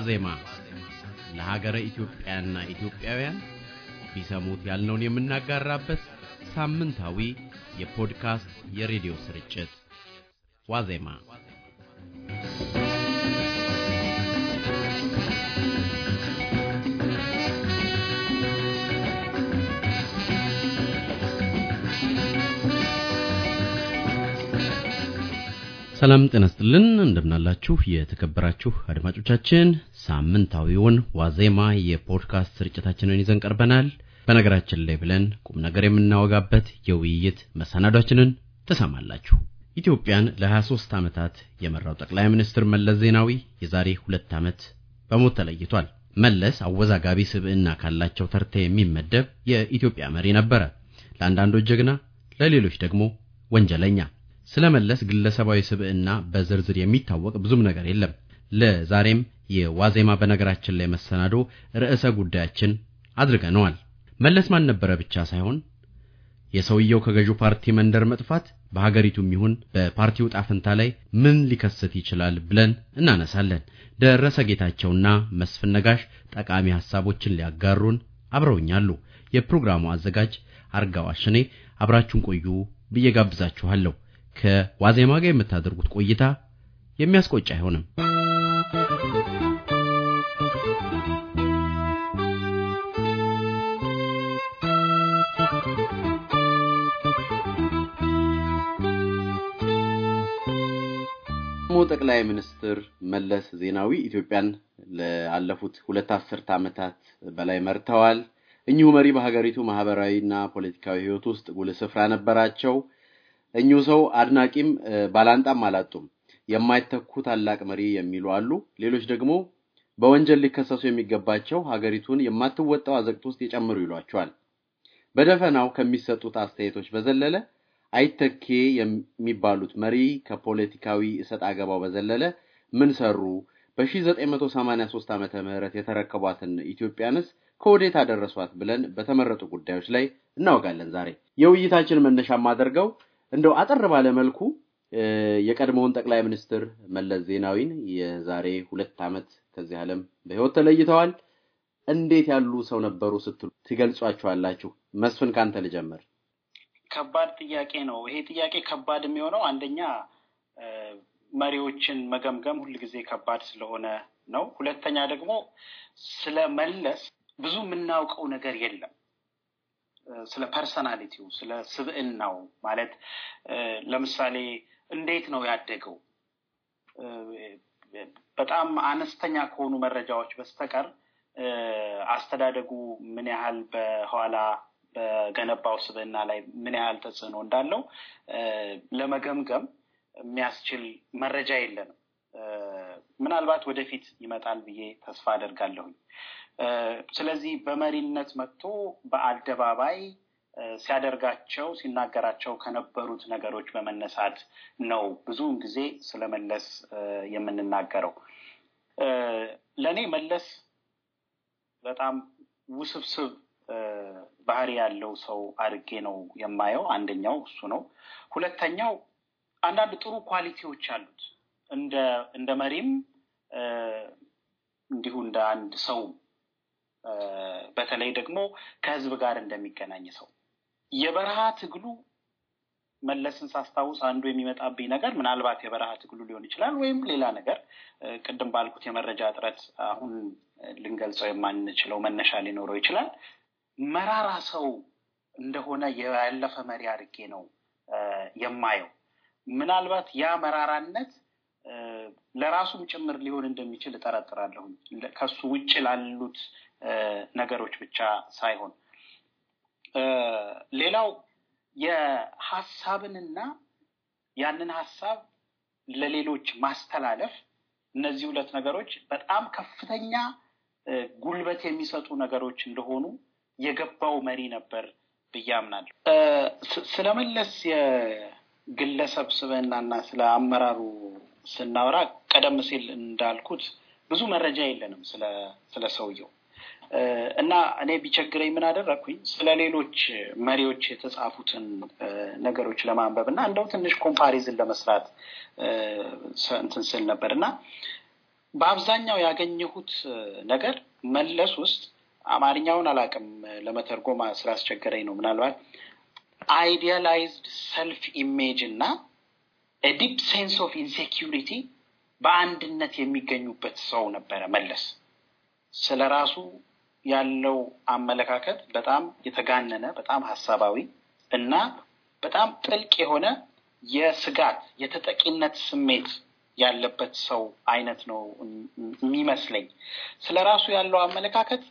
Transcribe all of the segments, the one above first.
ዋዜማ ለሀገረ ኢትዮጵያና ኢትዮጵያውያን ቢሰሙት ያልነውን የምናጋራበት ሳምንታዊ የፖድካስት የሬዲዮ ስርጭት ዋዜማ ሰላም ጤና እንደምናላችሁ የተከበራችሁ አድማጮቻችን ሳምንታዊውን ዋዜማ የፖድካስት ስርጭታችንን ይዘን ቀርበናል። በነገራችን ላይ ብለን ቁም ነገር የምናወጋበት የውይይት መሰናዷችንን ትሰማላችሁ። ኢትዮጵያን ለ23 ዓመታት የመራው ጠቅላይ ሚኒስትር መለስ ዜናዊ የዛሬ ሁለት ዓመት በሞት ተለይቷል። መለስ አወዛጋቢ ስብዕና ካላቸው ተርታ የሚመደብ የኢትዮጵያ መሪ ነበረ። ለአንዳንዶች ጀግና፣ ለሌሎች ደግሞ ወንጀለኛ። ስለ መለስ ግለሰባዊ ስብዕና በዝርዝር የሚታወቅ ብዙም ነገር የለም። ለዛሬም የዋዜማ በነገራችን ላይ መሰናዶ ርዕሰ ጉዳያችን አድርገነዋል። መለስ ማን ነበረ ብቻ ሳይሆን የሰውየው ከገዢው ፓርቲ መንደር መጥፋት በሀገሪቱም ይሁን በፓርቲው ጣፍንታ ላይ ምን ሊከሰት ይችላል ብለን እናነሳለን። ደረሰ ጌታቸውና መስፍን ነጋሽ ጠቃሚ ሐሳቦችን ሊያጋሩን አብረውኛሉ። የፕሮግራሙ አዘጋጅ አርጋዋሽኔ አብራችሁን ቆዩ ብዬ ጋብዛችኋለሁ። ከዋዜማ ጋር የምታደርጉት ቆይታ የሚያስቆጭ አይሆንም። ጠቅላይ ሚኒስትር መለስ ዜናዊ ኢትዮጵያን ለአለፉት ሁለት አስርት ዓመታት በላይ መርተዋል። እኚሁ መሪ በሀገሪቱ ማህበራዊና ፖለቲካዊ ሕይወት ውስጥ ጉልህ ስፍራ ነበራቸው። እኚሁ ሰው አድናቂም ባላንጣም አላጡም። የማይተኩ ታላቅ መሪ የሚሉ አሉ። ሌሎች ደግሞ በወንጀል ሊከሰሱ የሚገባቸው ሀገሪቱን የማትወጣው አዘቅት ውስጥ የጨምሩ ይሏቸዋል። በደፈናው ከሚሰጡት አስተያየቶች በዘለለ አይተኬ የሚባሉት መሪ ከፖለቲካዊ እሰጥ አገባው በዘለለ ምን ሰሩ? በ1983 ዓ ም የተረከቧትን ኢትዮጵያንስ ከወዴት አደረሷት ብለን በተመረጡ ጉዳዮች ላይ እናወጋለን። ዛሬ የውይይታችን መነሻ የማደርገው እንደው አጠር ባለ መልኩ የቀድሞውን ጠቅላይ ሚኒስትር መለስ ዜናዊን የዛሬ ሁለት ዓመት ከዚህ ዓለም በሕይወት ተለይተዋል። እንዴት ያሉ ሰው ነበሩ ስትሉ ትገልጿቸዋላችሁ? መስፍን ካንተ ልጀምር። ከባድ ጥያቄ ነው። ይሄ ጥያቄ ከባድ የሚሆነው አንደኛ መሪዎችን መገምገም ሁልጊዜ ከባድ ስለሆነ ነው። ሁለተኛ ደግሞ ስለ መለስ ብዙ የምናውቀው ነገር የለም። ስለ ፐርሰናሊቲው፣ ስለ ስብዕናው ማለት ለምሳሌ እንዴት ነው ያደገው በጣም አነስተኛ ከሆኑ መረጃዎች በስተቀር አስተዳደጉ ምን ያህል በኋላ በገነባው ስብና ላይ ምን ያህል ተጽዕኖ እንዳለው ለመገምገም የሚያስችል መረጃ የለንም። ምናልባት ወደፊት ይመጣል ብዬ ተስፋ አደርጋለሁኝ። ስለዚህ በመሪነት መጥቶ በአደባባይ ሲያደርጋቸው ሲናገራቸው ከነበሩት ነገሮች በመነሳት ነው ብዙውን ጊዜ ስለ መለስ የምንናገረው። ለእኔ መለስ በጣም ውስብስብ ባህሪ ያለው ሰው አድርጌ ነው የማየው። አንደኛው እሱ ነው። ሁለተኛው አንዳንድ ጥሩ ኳሊቲዎች አሉት እንደ መሪም እንዲሁ እንደ አንድ ሰው በተለይ ደግሞ ከህዝብ ጋር እንደሚገናኝ ሰው የበረሃ ትግሉ መለስን ሳስታውስ አንዱ የሚመጣብኝ ነገር ምናልባት የበረሃ ትግሉ ሊሆን ይችላል፣ ወይም ሌላ ነገር ቅድም ባልኩት የመረጃ እጥረት አሁን ልንገልጸው የማንችለው መነሻ ሊኖረው ይችላል። መራራ ሰው እንደሆነ ያለፈ መሪ አድርጌ ነው የማየው። ምናልባት ያ መራራነት ለራሱም ጭምር ሊሆን እንደሚችል እጠረጥራለሁ። ከሱ ውጭ ላሉት ነገሮች ብቻ ሳይሆን ሌላው የሀሳብንና ያንን ሀሳብ ለሌሎች ማስተላለፍ እነዚህ ሁለት ነገሮች በጣም ከፍተኛ ጉልበት የሚሰጡ ነገሮች እንደሆኑ የገባው መሪ ነበር ብዬ አምናለሁ። ስለመለስ የግለሰብ ስብዕናና ስለ አመራሩ ስናወራ ቀደም ሲል እንዳልኩት ብዙ መረጃ የለንም ስለ ሰውየው እና እኔ ቢቸግረኝ ምን አደረግኩኝ? ስለ ሌሎች መሪዎች የተጻፉትን ነገሮች ለማንበብ እና እንደው ትንሽ ኮምፓሪዝን ለመስራት እንትን ስል ነበር እና በአብዛኛው ያገኘሁት ነገር መለስ ውስጥ አማርኛውን አላውቅም ለመተርጎም ስላስቸገረኝ ነው። ምናልባት አይዲያላይዝድ ሰልፍ ኢሜጅ እና ዲፕ ሴንስ ኦፍ ኢንሴኪሪቲ በአንድነት የሚገኙበት ሰው ነበረ መለስ። ስለ ራሱ ያለው አመለካከት በጣም የተጋነነ፣ በጣም ሀሳባዊ እና በጣም ጥልቅ የሆነ የስጋት የተጠቂነት ስሜት ያለበት ሰው አይነት ነው የሚመስለኝ። ስለ ራሱ ያለው አመለካከት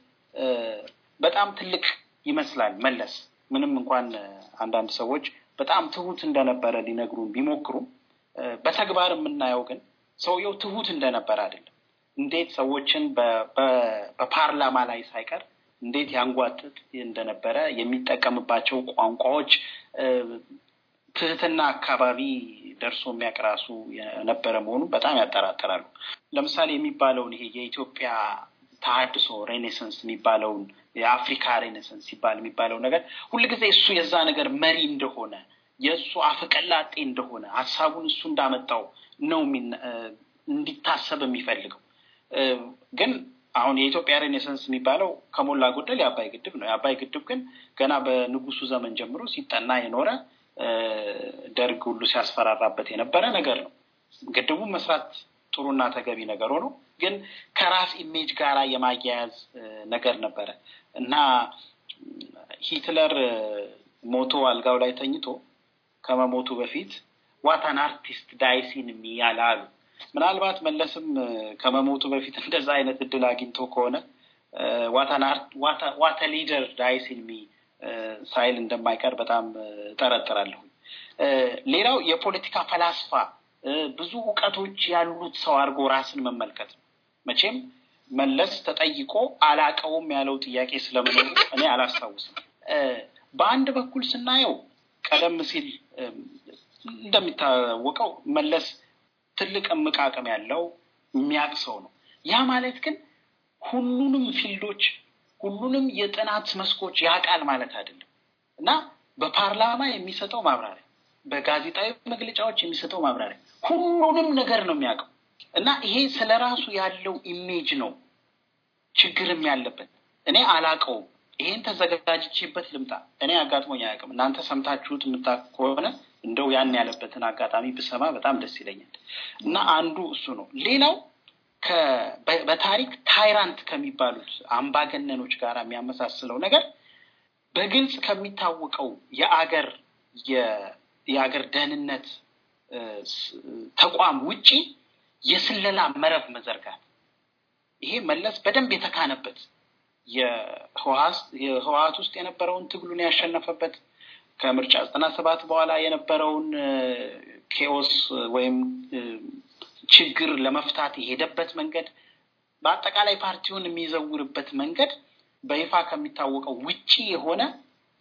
በጣም ትልቅ ይመስላል መለስ። ምንም እንኳን አንዳንድ ሰዎች በጣም ትሁት እንደነበረ ሊነግሩን ቢሞክሩም በተግባር የምናየው ግን ሰውየው ትሁት እንደነበረ አይደለም። እንዴት ሰዎችን በፓርላማ ላይ ሳይቀር እንዴት ያንጓጥጥ እንደነበረ የሚጠቀምባቸው ቋንቋዎች ትህትና አካባቢ ደርሶ የሚያቅራሱ የነበረ መሆኑን በጣም ያጠራጠራሉ። ለምሳሌ የሚባለውን ይሄ የኢትዮጵያ ተሀድሶ ሬኔሰንስ የሚባለውን የአፍሪካ ሬኔሰንስ ይባል የሚባለው ነገር ሁልጊዜ እሱ የዛ ነገር መሪ እንደሆነ የእሱ አፈቀላጤ እንደሆነ ሀሳቡን እሱ እንዳመጣው ነው እንዲታሰብ የሚፈልገው። ግን አሁን የኢትዮጵያ ሬኔሰንስ የሚባለው ከሞላ ጎደል የአባይ ግድብ ነው። የአባይ ግድብ ግን ገና በንጉሱ ዘመን ጀምሮ ሲጠና የኖረ ደርግ ሁሉ ሲያስፈራራበት የነበረ ነገር ነው። ግድቡ መስራት ጥሩና ተገቢ ነገር ሆኖ ግን ከራስ ኢሜጅ ጋር የማያያዝ ነገር ነበረ እና ሂትለር ሞቶ አልጋው ላይ ተኝቶ ከመሞቱ በፊት ዋታን አርቲስት ዳይሲን የሚያል አሉ። ምናልባት መለስም ከመሞቱ በፊት እንደዛ አይነት እድል አግኝቶ ከሆነ ዋተ ሊደር ዳይሲን ሚ ሳይል እንደማይቀር በጣም ጠረጥራለሁ። ሌላው የፖለቲካ ፈላስፋ ብዙ እውቀቶች ያሉት ሰው አድርጎ ራስን መመልከት ነው። መቼም መለስ ተጠይቆ አላቀውም ያለው ጥያቄ ስለመኖሩ እኔ አላስታውስም። በአንድ በኩል ስናየው ቀደም ሲል እንደሚታወቀው መለስ ትልቅ እምቅ አቅም ያለው የሚያቅ ሰው ነው። ያ ማለት ግን ሁሉንም ፊልዶች ሁሉንም የጥናት መስኮች ያውቃል ማለት አይደለም እና በፓርላማ የሚሰጠው ማብራሪያ፣ በጋዜጣዊ መግለጫዎች የሚሰጠው ማብራሪያ ሁሉንም ነገር ነው የሚያውቀው እና ይሄ ስለ ራሱ ያለው ኢሜጅ ነው ችግርም ያለበት። እኔ አላቀውም፣ ይሄን ተዘጋጅቼበት ልምጣ። እኔ አጋጥሞኝ አያውቅም። እናንተ ሰምታችሁት የምታውቁ ከሆነ እንደው ያን ያለበትን አጋጣሚ ብሰማ በጣም ደስ ይለኛል። እና አንዱ እሱ ነው። ሌላው በታሪክ ታይራንት ከሚባሉት አምባገነኖች ጋር የሚያመሳስለው ነገር በግልጽ ከሚታወቀው የአገር የአገር ደህንነት ተቋም ውጪ የስለላ መረብ መዘርጋት ይሄ መለስ በደንብ የተካነበት የህወሀት ውስጥ የነበረውን ትግሉን ያሸነፈበት ከምርጫ ዘጠና ሰባት በኋላ የነበረውን ኬዎስ ወይም ችግር ለመፍታት የሄደበት መንገድ በአጠቃላይ ፓርቲውን የሚዘውርበት መንገድ በይፋ ከሚታወቀው ውጪ የሆነ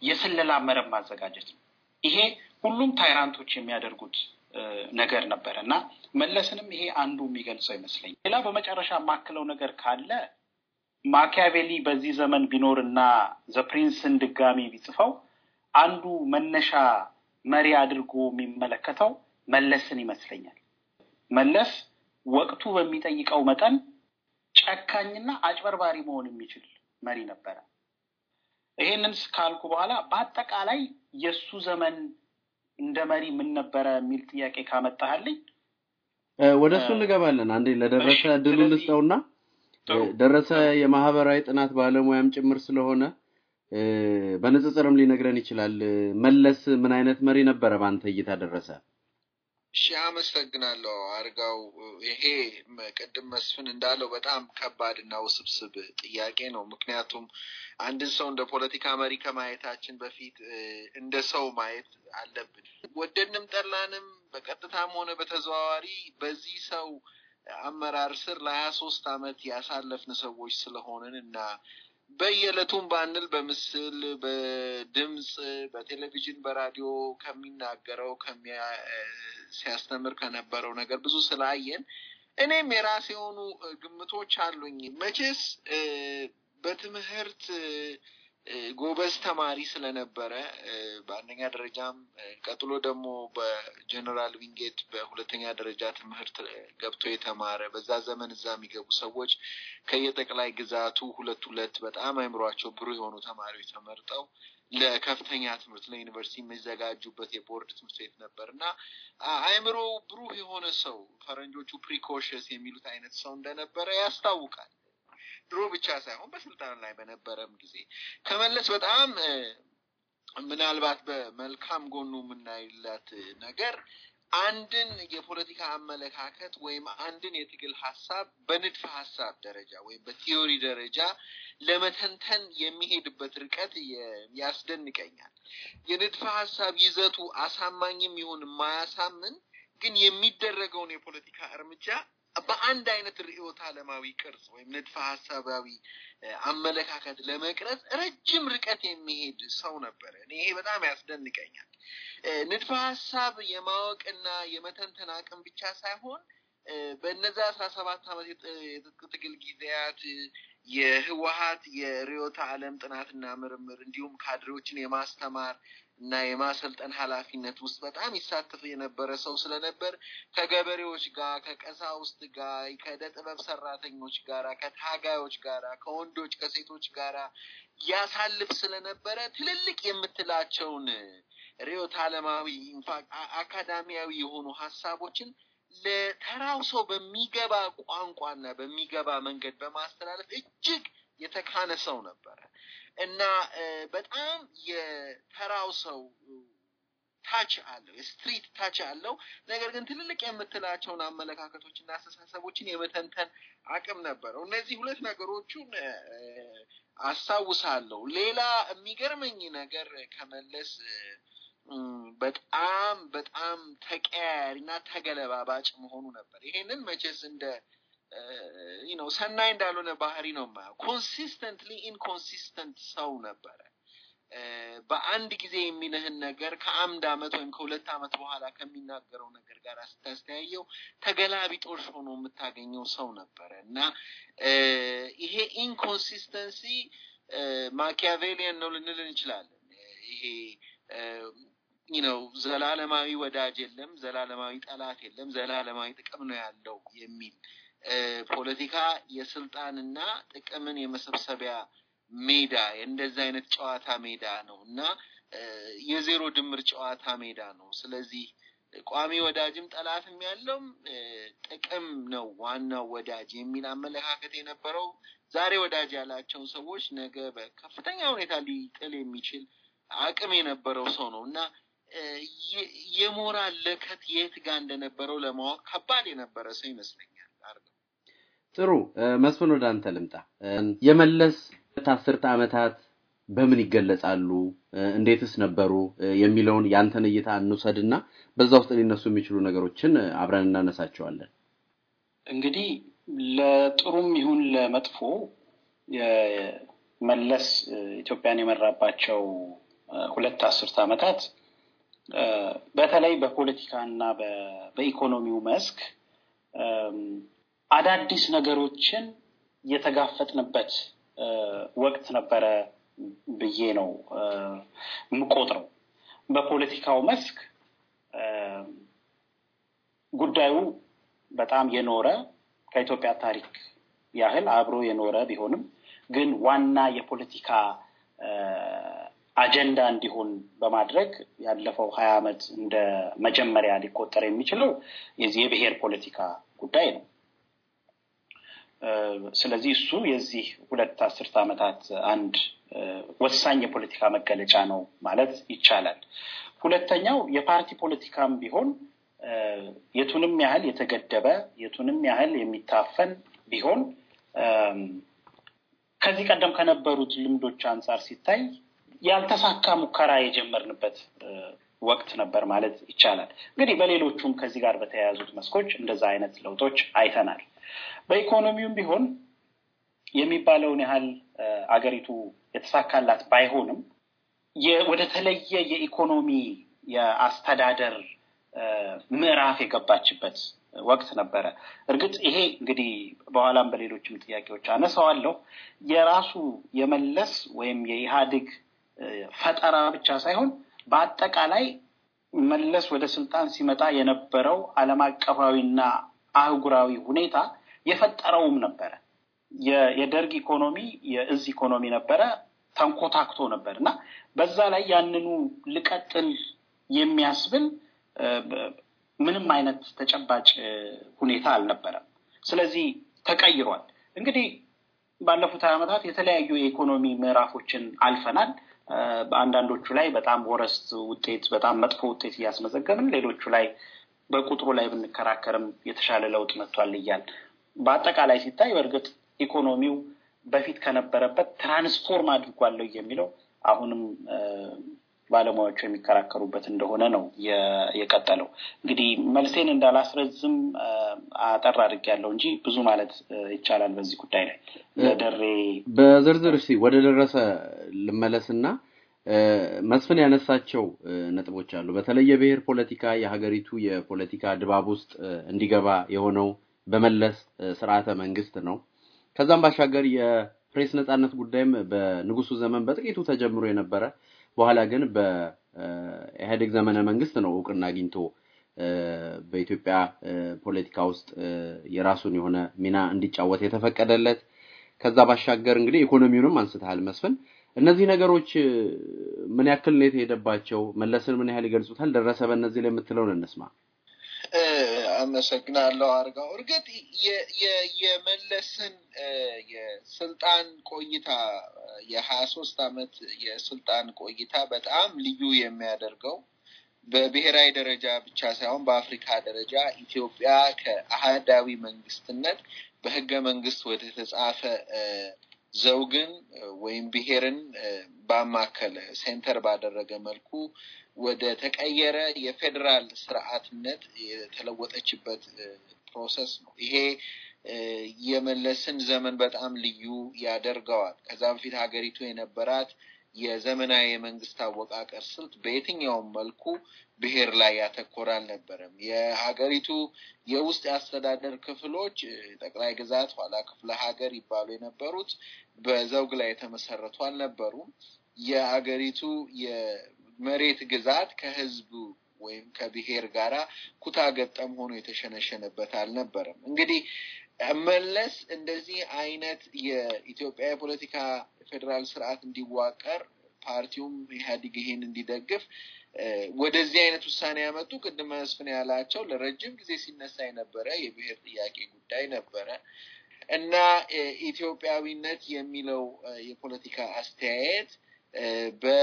የስለላ መረብ ማዘጋጀት ነው። ይሄ ሁሉም ታይራንቶች የሚያደርጉት ነገር ነበር እና መለስንም ይሄ አንዱ የሚገልጸው ይመስለኝ። ሌላ በመጨረሻ የማክለው ነገር ካለ ማኪያቬሊ በዚህ ዘመን ቢኖር እና ዘፕሪንስን ድጋሚ ቢጽፈው አንዱ መነሻ መሪ አድርጎ የሚመለከተው መለስን ይመስለኛል። መለስ ወቅቱ በሚጠይቀው መጠን ጨካኝና አጭበርባሪ መሆን የሚችል መሪ ነበረ። ይሄንን ካልኩ በኋላ በአጠቃላይ የእሱ ዘመን እንደ መሪ ምን ነበረ የሚል ጥያቄ ካመጣህልኝ ወደ እሱ እንገባለን። አንዴ ለደረሰ ድሉ ልስጠውና ደረሰ የማህበራዊ ጥናት ባለሙያም ጭምር ስለሆነ በንጽጽርም ሊነግረን ይችላል። መለስ ምን አይነት መሪ ነበረ በአንተ እይታ ደረሰ? እሺ አመሰግናለሁ አርጋው። ይሄ ቅድም መስፍን እንዳለው በጣም ከባድ እና ውስብስብ ጥያቄ ነው። ምክንያቱም አንድን ሰው እንደ ፖለቲካ መሪ ከማየታችን በፊት እንደ ሰው ማየት አለብን። ወደንም ጠላንም በቀጥታም ሆነ በተዘዋዋሪ በዚህ ሰው አመራር ስር ለሀያ ሶስት አመት ያሳለፍን ሰዎች ስለሆንን እና በየዕለቱም ባንል በምስል በድምፅ በቴሌቪዥን በራዲዮ ከሚናገረው ሲያስተምር ከነበረው ነገር ብዙ ስላየን እኔም የራሴ የሆኑ ግምቶች አሉኝ። መቼስ በትምህርት ጎበዝ ተማሪ ስለነበረ በአንደኛ ደረጃም ቀጥሎ ደግሞ በጀነራል ዊንጌት በሁለተኛ ደረጃ ትምህርት ገብቶ የተማረ በዛ ዘመን እዛ የሚገቡ ሰዎች ከየጠቅላይ ግዛቱ ሁለት ሁለት በጣም አይምሯቸው ብሩ የሆኑ ተማሪዎች ተመርጠው ለከፍተኛ ትምህርት ለዩኒቨርሲቲ የሚዘጋጁበት የቦርድ ትምህርት ቤት ነበር እና አይምሮ ብሩህ የሆነ ሰው ፈረንጆቹ ፕሪኮሽስ የሚሉት አይነት ሰው እንደነበረ ያስታውቃል። ድሮ ብቻ ሳይሆን በስልጣን ላይ በነበረም ጊዜ ከመለስ በጣም ምናልባት በመልካም ጎኑ የምናይላት ነገር አንድን የፖለቲካ አመለካከት ወይም አንድን የትግል ሀሳብ በንድፈ ሀሳብ ደረጃ ወይም በቲዮሪ ደረጃ ለመተንተን የሚሄድበት ርቀት ያስደንቀኛል። የንድፈ ሀሳብ ይዘቱ አሳማኝም ይሁን የማያሳምን ግን የሚደረገውን የፖለቲካ እርምጃ በአንድ አይነት ርዕዮተ ዓለማዊ ቅርጽ ወይም ንድፈ ሀሳባዊ አመለካከት ለመቅረጽ ረጅም ርቀት የሚሄድ ሰው ነበረ። ይሄ በጣም ያስደንቀኛል። ንድፈ ሀሳብ የማወቅና የመተንተን አቅም ብቻ ሳይሆን በእነዚ አስራ ሰባት ዓመት የትጥቅ ትግል ጊዜያት የህወሀት የርዕዮተ ዓለም ጥናትና ምርምር እንዲሁም ካድሬዎችን የማስተማር እና የማሰልጠን ኃላፊነት ውስጥ በጣም ይሳተፍ የነበረ ሰው ስለነበር ከገበሬዎች ጋር፣ ከቀሳውስት ጋር፣ ከእደ ጥበብ ሰራተኞች ጋራ፣ ከታጋዮች ጋራ፣ ከወንዶች ከሴቶች ጋራ ያሳልፍ ስለነበረ ትልልቅ የምትላቸውን ርዕዮተ ዓለማዊ ኢንፋክት አካዳሚያዊ የሆኑ ሀሳቦችን ለተራው ሰው በሚገባ ቋንቋና በሚገባ መንገድ በማስተላለፍ እጅግ የተካነ ሰው ነበረ። እና በጣም የተራው ሰው ታች አለው የስትሪት ታች አለው። ነገር ግን ትልልቅ የምትላቸውን አመለካከቶችና አስተሳሰቦችን የመተንተን አቅም ነበረው። እነዚህ ሁለት ነገሮቹን አስታውሳለሁ። ሌላ የሚገርመኝ ነገር ከመለስ በጣም በጣም ተቀያያሪና ተገለባባጭ መሆኑ ነበር። ይሄንን መቼስ እንደ ነው uh, ሰናይ እንዳልሆነ ባህሪ ነው ማ ኮንሲስተንትሊ ኢንኮንሲስተንት ሰው ነበረ። uh, በአንድ ጊዜ የሚልህን ነገር ከአምድ አመት ወይም ከሁለት አመት በኋላ ከሚናገረው ነገር ጋር ስታስተያየው ተገላቢጦሽ ሆኖ የምታገኘው ሰው ነበረ እና uh, ይሄ ኢንኮንሲስተንሲ ማኪያቬሊያን ነው ልንል እንችላለን። ይሄ ነው ዘላለማዊ ወዳጅ የለም፣ ዘላለማዊ ጠላት የለም፣ ዘላለማዊ ጥቅም ነው ያለው የሚል ፖለቲካ የስልጣንና ጥቅምን የመሰብሰቢያ ሜዳ እንደዚ አይነት ጨዋታ ሜዳ ነው እና የዜሮ ድምር ጨዋታ ሜዳ ነው። ስለዚህ ቋሚ ወዳጅም ጠላትም ያለውም ጥቅም ነው ዋናው ወዳጅ የሚል አመለካከት የነበረው ዛሬ ወዳጅ ያላቸውን ሰዎች ነገ በከፍተኛ ሁኔታ ሊጥል የሚችል አቅም የነበረው ሰው ነው እና የሞራል ለከት የት ጋር እንደነበረው ለማወቅ ከባድ የነበረ ሰው ይመስለኛል። ጥሩ መስፍን፣ ወደ አንተ ልምጣ። የመለስ አስርተ ዓመታት በምን ይገለጻሉ፣ እንዴትስ ነበሩ የሚለውን ያንተን እይታ እንውሰድና በዛ ውስጥ ሊነሱ የሚችሉ ነገሮችን አብረን እናነሳቸዋለን። እንግዲህ ለጥሩም ይሁን ለመጥፎ መለስ ኢትዮጵያን የመራባቸው ሁለት አስርተ ዓመታት በተለይ በፖለቲካ እና በኢኮኖሚው መስክ አዳዲስ ነገሮችን የተጋፈጥንበት ወቅት ነበረ ብዬ ነው የምቆጥረው። በፖለቲካው መስክ ጉዳዩ በጣም የኖረ ከኢትዮጵያ ታሪክ ያህል አብሮ የኖረ ቢሆንም ግን ዋና የፖለቲካ አጀንዳ እንዲሆን በማድረግ ያለፈው ሀያ ዓመት እንደ መጀመሪያ ሊቆጠር የሚችለው የዚህ የብሔር ፖለቲካ ጉዳይ ነው። ስለዚህ እሱ የዚህ ሁለት አስርት ዓመታት አንድ ወሳኝ የፖለቲካ መገለጫ ነው ማለት ይቻላል። ሁለተኛው የፓርቲ ፖለቲካም ቢሆን የቱንም ያህል የተገደበ የቱንም ያህል የሚታፈን ቢሆን ከዚህ ቀደም ከነበሩት ልምዶች አንጻር ሲታይ ያልተሳካ ሙከራ የጀመርንበት ወቅት ነበር ማለት ይቻላል። እንግዲህ በሌሎቹም ከዚህ ጋር በተያያዙት መስኮች እንደዛ አይነት ለውጦች አይተናል። በኢኮኖሚውም ቢሆን የሚባለውን ያህል አገሪቱ የተሳካላት ባይሆንም ወደ ተለየ የኢኮኖሚ የአስተዳደር ምዕራፍ የገባችበት ወቅት ነበረ። እርግጥ ይሄ እንግዲህ በኋላም በሌሎችም ጥያቄዎች አነሳዋለሁ። የራሱ የመለስ ወይም የኢህአዴግ ፈጠራ ብቻ ሳይሆን በአጠቃላይ መለስ ወደ ስልጣን ሲመጣ የነበረው ዓለም አቀፋዊና አህጉራዊ ሁኔታ የፈጠረውም ነበረ። የደርግ ኢኮኖሚ የእዝ ኢኮኖሚ ነበረ፣ ተንኮታክቶ ነበር እና በዛ ላይ ያንኑ ልቀጥል የሚያስብል ምንም አይነት ተጨባጭ ሁኔታ አልነበረም። ስለዚህ ተቀይሯል። እንግዲህ ባለፉት ዓመታት የተለያዩ የኢኮኖሚ ምዕራፎችን አልፈናል። በአንዳንዶቹ ላይ በጣም ወረስት ውጤት በጣም መጥፎ ውጤት እያስመዘገብን፣ ሌሎቹ ላይ በቁጥሩ ላይ ብንከራከርም የተሻለ ለውጥ መጥቷል እያል በአጠቃላይ ሲታይ በእርግጥ ኢኮኖሚው በፊት ከነበረበት ትራንስፎርም አድርጓለሁ የሚለው አሁንም ባለሙያዎቹ የሚከራከሩበት እንደሆነ ነው የቀጠለው። እንግዲህ መልሴን እንዳላስረዝም አጠር አድርግ ያለው እንጂ ብዙ ማለት ይቻላል በዚህ ጉዳይ ላይ ለደሬ በዝርዝር እስኪ ወደ ደረሰ ልመለስና መስፍን ያነሳቸው ነጥቦች አሉ። በተለይ የብሔር ፖለቲካ የሀገሪቱ የፖለቲካ ድባብ ውስጥ እንዲገባ የሆነው በመለስ ስርዓተ መንግስት ነው። ከዛም ባሻገር የፕሬስ ነፃነት ጉዳይም በንጉሱ ዘመን በጥቂቱ ተጀምሮ የነበረ በኋላ ግን በኢህአዴግ ዘመነ መንግስት ነው እውቅና አግኝቶ በኢትዮጵያ ፖለቲካ ውስጥ የራሱን የሆነ ሚና እንዲጫወት የተፈቀደለት። ከዛ ባሻገር እንግዲህ ኢኮኖሚውንም አንስተሃል መስፍን። እነዚህ ነገሮች ምን ያክል ነው የተሄደባቸው? መለስን ምን ያህል ይገልጹታል? ደረሰ በእነዚህ ላይ የምትለውን እንስማ። አመሰግናለሁ አርጋው። እርግጥ የመለስን የስልጣን ቆይታ የሀያ ሶስት አመት የስልጣን ቆይታ በጣም ልዩ የሚያደርገው በብሔራዊ ደረጃ ብቻ ሳይሆን በአፍሪካ ደረጃ ኢትዮጵያ ከአህዳዊ መንግስትነት በህገ መንግስት ወደ ተጻፈ ዘውግን ወይም ብሔርን ባማከለ ሴንተር ባደረገ መልኩ ወደ ተቀየረ የፌዴራል ስርዓትነት የተለወጠችበት ፕሮሰስ ነው። ይሄ የመለስን ዘመን በጣም ልዩ ያደርገዋል። ከዛ በፊት ሀገሪቱ የነበራት የዘመናዊ የመንግስት አወቃቀር ስልት በየትኛውም መልኩ ብሔር ላይ ያተኮር አልነበረም። የሀገሪቱ የውስጥ የአስተዳደር ክፍሎች ጠቅላይ ግዛት፣ ኋላ ክፍለ ሀገር ይባሉ የነበሩት በዘውግ ላይ የተመሰረቱ አልነበሩም። የሀገሪቱ መሬት ግዛት ከህዝቡ ወይም ከብሔር ጋራ ኩታ ገጠም ሆኖ የተሸነሸነበት አልነበረም። እንግዲህ መለስ እንደዚህ አይነት የኢትዮጵያ የፖለቲካ ፌዴራል ስርዓት እንዲዋቀር ፓርቲውም ኢህአዲግ ይሄን እንዲደግፍ ወደዚህ አይነት ውሳኔ ያመጡ ቅድመ መስፍን ያላቸው ለረጅም ጊዜ ሲነሳ የነበረ የብሔር ጥያቄ ጉዳይ ነበረ እና ኢትዮጵያዊነት የሚለው የፖለቲካ አስተያየት በ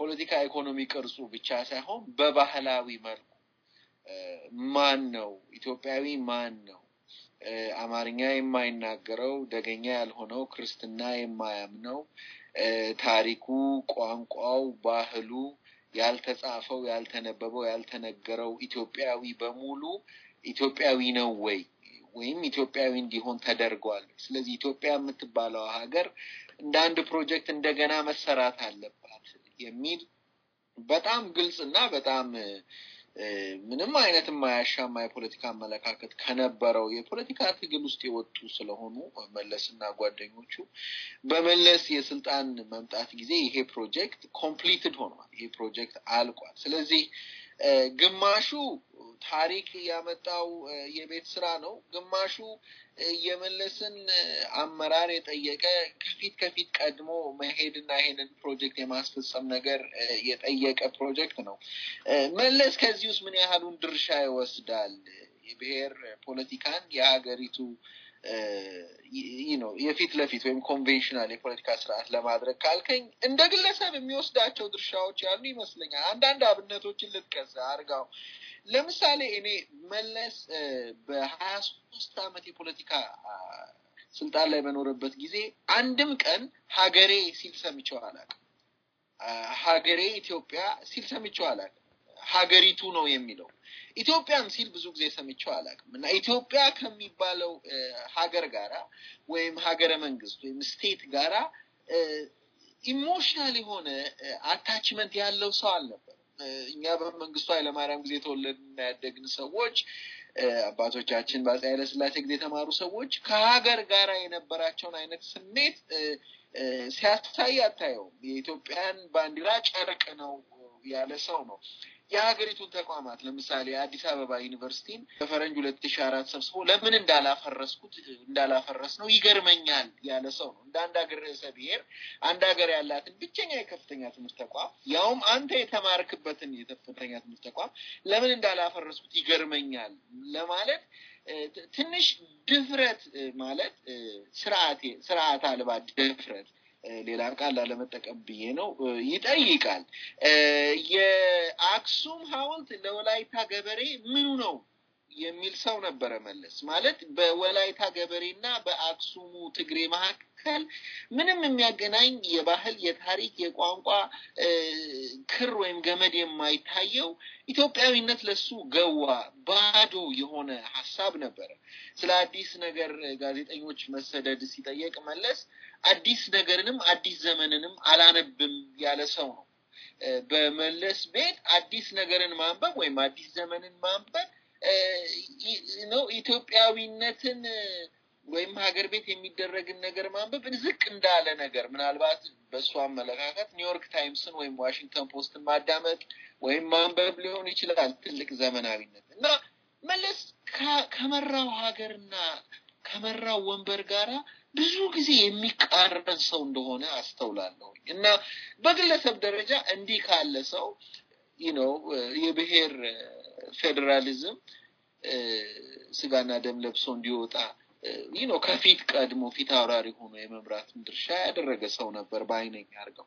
ፖለቲካ ኢኮኖሚ ቅርጹ ብቻ ሳይሆን በባህላዊ መልኩ ማን ነው ኢትዮጵያዊ? ማን ነው አማርኛ የማይናገረው ደገኛ ያልሆነው ክርስትና የማያምነው ታሪኩ፣ ቋንቋው፣ ባህሉ ያልተጻፈው፣ ያልተነበበው፣ ያልተነገረው ኢትዮጵያዊ በሙሉ ኢትዮጵያዊ ነው ወይ ወይም ኢትዮጵያዊ እንዲሆን ተደርጓል። ስለዚህ ኢትዮጵያ የምትባለው ሀገር እንደ አንድ ፕሮጀክት እንደገና መሰራት አለበት የሚል በጣም ግልጽ እና በጣም ምንም አይነት የማያሻማ የፖለቲካ አመለካከት ከነበረው የፖለቲካ ትግል ውስጥ የወጡ ስለሆኑ መለስና ጓደኞቹ በመለስ የስልጣን መምጣት ጊዜ ይሄ ፕሮጀክት ኮምፕሊትድ ሆኗል። ይሄ ፕሮጀክት አልቋል። ስለዚህ ግማሹ ታሪክ ያመጣው የቤት ስራ ነው። ግማሹ የመለስን አመራር የጠየቀ ከፊት ከፊት ቀድሞ መሄድና ይሄንን ፕሮጀክት የማስፈጸም ነገር የጠየቀ ፕሮጀክት ነው። መለስ ከዚህ ውስጥ ምን ያህሉን ድርሻ ይወስዳል? የብሔር ፖለቲካን የሀገሪቱ ነው የፊት ለፊት ወይም ኮንቬንሽናል የፖለቲካ ስርዓት ለማድረግ ካልከኝ እንደ ግለሰብ የሚወስዳቸው ድርሻዎች ያሉ ይመስለኛል። አንዳንድ አብነቶችን ልጥቀስ አርጋው ለምሳሌ እኔ መለስ በሀያ ሶስት አመት የፖለቲካ ስልጣን ላይ በኖረበት ጊዜ አንድም ቀን ሀገሬ ሲል ሰምቼው አላውቅም። ሀገሬ ኢትዮጵያ ሲል ሰምቼው አላውቅም። ሀገሪቱ ነው የሚለው ኢትዮጵያም ሲል ብዙ ጊዜ ሰምቼው አላውቅም። እና ኢትዮጵያ ከሚባለው ሀገር ጋራ ወይም ሀገረ መንግስት ወይም ስቴት ጋራ ኢሞሽናል የሆነ አታችመንት ያለው ሰው አልነበር። እኛ በመንግስቱ ኃይለማርያም ጊዜ ተወለድ ያደግን ሰዎች አባቶቻችን በአፄ ኃይለስላሴ ጊዜ የተማሩ ሰዎች ከሀገር ጋር የነበራቸውን አይነት ስሜት ሲያሳይ አታየውም። የኢትዮጵያን ባንዲራ ጨርቅ ነው ያለ ሰው ነው። የሀገሪቱን ተቋማት ለምሳሌ አዲስ አበባ ዩኒቨርሲቲን በፈረንጅ ሁለት ሺ አራት ሰብስቦ ለምን እንዳላፈረስኩት እንዳላፈረስ ነው ይገርመኛል ያለ ሰው ነው። እንደ አንድ ሀገር ርዕሰ ብሔር አንድ ሀገር ያላትን ብቸኛ የከፍተኛ ትምህርት ተቋም ያውም አንተ የተማርክበትን የከፍተኛ ትምህርት ተቋም ለምን እንዳላፈረስኩት ይገርመኛል ለማለት ትንሽ ድፍረት ማለት ስርዓት አልባ ድፍረት ሌላን ቃል ላለመጠቀም ብዬ ነው ይጠይቃል። የአክሱም ሀውልት ለወላይታ ገበሬ ምኑ ነው የሚል ሰው ነበረ መለስ። ማለት በወላይታ ገበሬና በአክሱሙ ትግሬ መካከል ምንም የሚያገናኝ የባህል፣ የታሪክ፣ የቋንቋ ክር ወይም ገመድ የማይታየው ኢትዮጵያዊነት ለሱ ገዋ ባዶ የሆነ ሀሳብ ነበረ። ስለ አዲስ ነገር ጋዜጠኞች መሰደድ ሲጠየቅ መለስ አዲስ ነገርንም አዲስ ዘመንንም አላነብም ያለ ሰው ነው። በመለስ ቤት አዲስ ነገርን ማንበብ ወይም አዲስ ዘመንን ማንበብ ነው ኢትዮጵያዊነትን ወይም ሀገር ቤት የሚደረግን ነገር ማንበብ ዝቅ እንዳለ ነገር ምናልባት በእሱ አመለካከት ኒውዮርክ ታይምስን ወይም ዋሽንግተን ፖስትን ማዳመጥ ወይም ማንበብ ሊሆን ይችላል ትልቅ ዘመናዊነት እና መለስ ከመራው ሀገርና ከመራው ወንበር ጋራ ብዙ ጊዜ የሚቃረን ሰው እንደሆነ አስተውላለሁ እና በግለሰብ ደረጃ እንዲህ ካለ ሰው ነው የብሔር ፌዴራሊዝም ስጋና ደም ለብሶ እንዲወጣ ነው ከፊት ቀድሞ ፊት አውራሪ ሆኖ የመምራትን ድርሻ ያደረገ ሰው ነበር በአይነኝ አርገው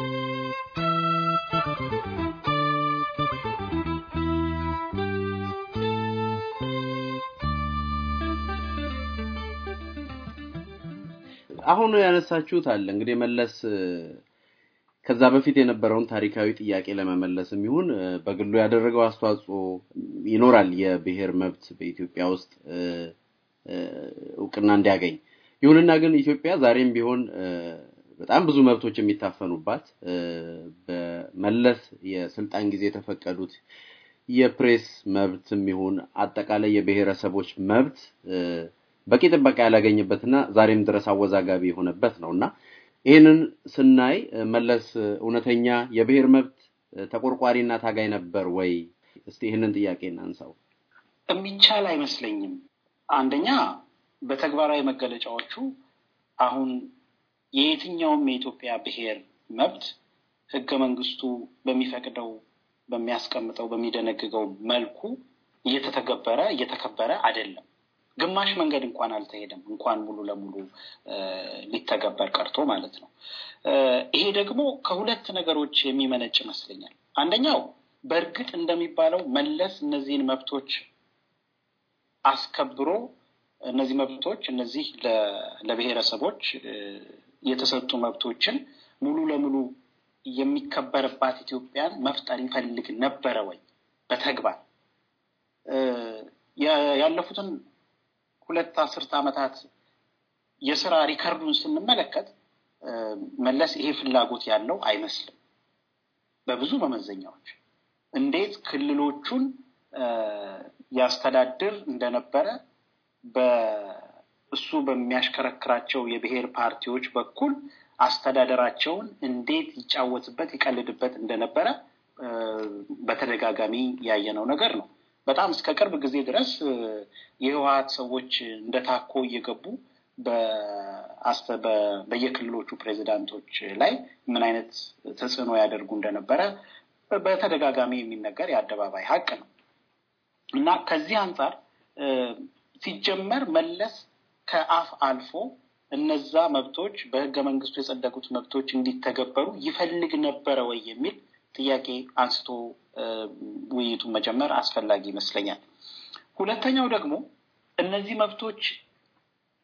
አሁን ያነሳችሁት አለ እንግዲህ መለስ ከዛ በፊት የነበረውን ታሪካዊ ጥያቄ ለመመለስ የሚሆን በግሉ ያደረገው አስተዋጽኦ ይኖራል የብሔር መብት በኢትዮጵያ ውስጥ እውቅና እንዲያገኝ። ይሁንና ግን ኢትዮጵያ ዛሬም ቢሆን በጣም ብዙ መብቶች የሚታፈኑባት በመለስ የስልጣን ጊዜ የተፈቀዱት የፕሬስ መብትም ይሁን አጠቃላይ የብሔረሰቦች መብት በቂ ጥበቃ ያላገኘበትና ዛሬም ድረስ አወዛጋቢ የሆነበት ነው እና ይህንን ስናይ መለስ እውነተኛ የብሔር መብት ተቆርቋሪና ታጋይ ነበር ወይ? እስቲ ይህንን ጥያቄ እናንሳው። የሚቻል አይመስለኝም። አንደኛ በተግባራዊ መገለጫዎቹ አሁን የየትኛውም የኢትዮጵያ ብሔር መብት ህገ መንግስቱ በሚፈቅደው በሚያስቀምጠው በሚደነግገው መልኩ እየተተገበረ እየተከበረ አይደለም። ግማሽ መንገድ እንኳን አልተሄደም፣ እንኳን ሙሉ ለሙሉ ሊተገበር ቀርቶ ማለት ነው። ይሄ ደግሞ ከሁለት ነገሮች የሚመነጭ ይመስለኛል። አንደኛው በእርግጥ እንደሚባለው መለስ እነዚህን መብቶች አስከብሮ እነዚህ መብቶች እነዚህ ለብሔረሰቦች የተሰጡ መብቶችን ሙሉ ለሙሉ የሚከበርባት ኢትዮጵያን መፍጠር ይፈልግ ነበረ ወይ? በተግባር ያለፉትን ሁለት አስርት ዓመታት የስራ ሪከርዱን ስንመለከት መለስ ይሄ ፍላጎት ያለው አይመስልም። በብዙ መመዘኛዎች እንዴት ክልሎቹን ያስተዳድር እንደነበረ በእሱ በሚያሽከረክራቸው የብሔር ፓርቲዎች በኩል አስተዳደራቸውን እንዴት ይጫወትበት ይቀልድበት እንደነበረ በተደጋጋሚ ያየነው ነገር ነው። በጣም እስከ ቅርብ ጊዜ ድረስ የህወሀት ሰዎች እንደታኮ እየገቡ በየክልሎቹ ፕሬዚዳንቶች ላይ ምን አይነት ተጽዕኖ ያደርጉ እንደነበረ በተደጋጋሚ የሚነገር የአደባባይ ሀቅ ነው እና ከዚህ አንጻር ሲጀመር መለስ ከአፍ አልፎ እነዛ መብቶች በህገ መንግስቱ የጸደቁት መብቶች እንዲተገበሩ ይፈልግ ነበረ ወይ የሚል ጥያቄ አንስቶ ውይይቱን መጀመር አስፈላጊ ይመስለኛል። ሁለተኛው ደግሞ እነዚህ መብቶች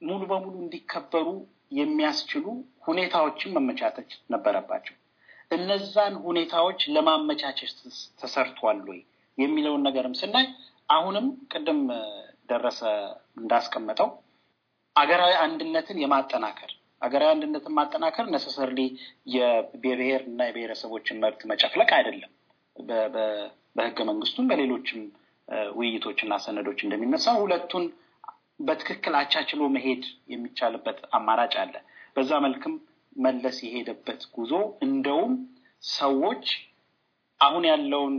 ሙሉ በሙሉ እንዲከበሩ የሚያስችሉ ሁኔታዎችን መመቻተች ነበረባቸው። እነዛን ሁኔታዎች ለማመቻቸት ተሰርቷል ወይ የሚለውን ነገርም ስናይ አሁንም ቅድም ደረሰ እንዳስቀመጠው አገራዊ አንድነትን የማጠናከር አገራዊ አንድነትን ማጠናከር ነሰሰርሊ የብሔር እና የብሔረሰቦችን መብት መጨፍለቅ አይደለም። በህገ መንግስቱም በሌሎችም ውይይቶችና ሰነዶች እንደሚነሳው ሁለቱን በትክክል አቻችሎ መሄድ የሚቻልበት አማራጭ አለ። በዛ መልክም መለስ የሄደበት ጉዞ እንደውም ሰዎች አሁን ያለውን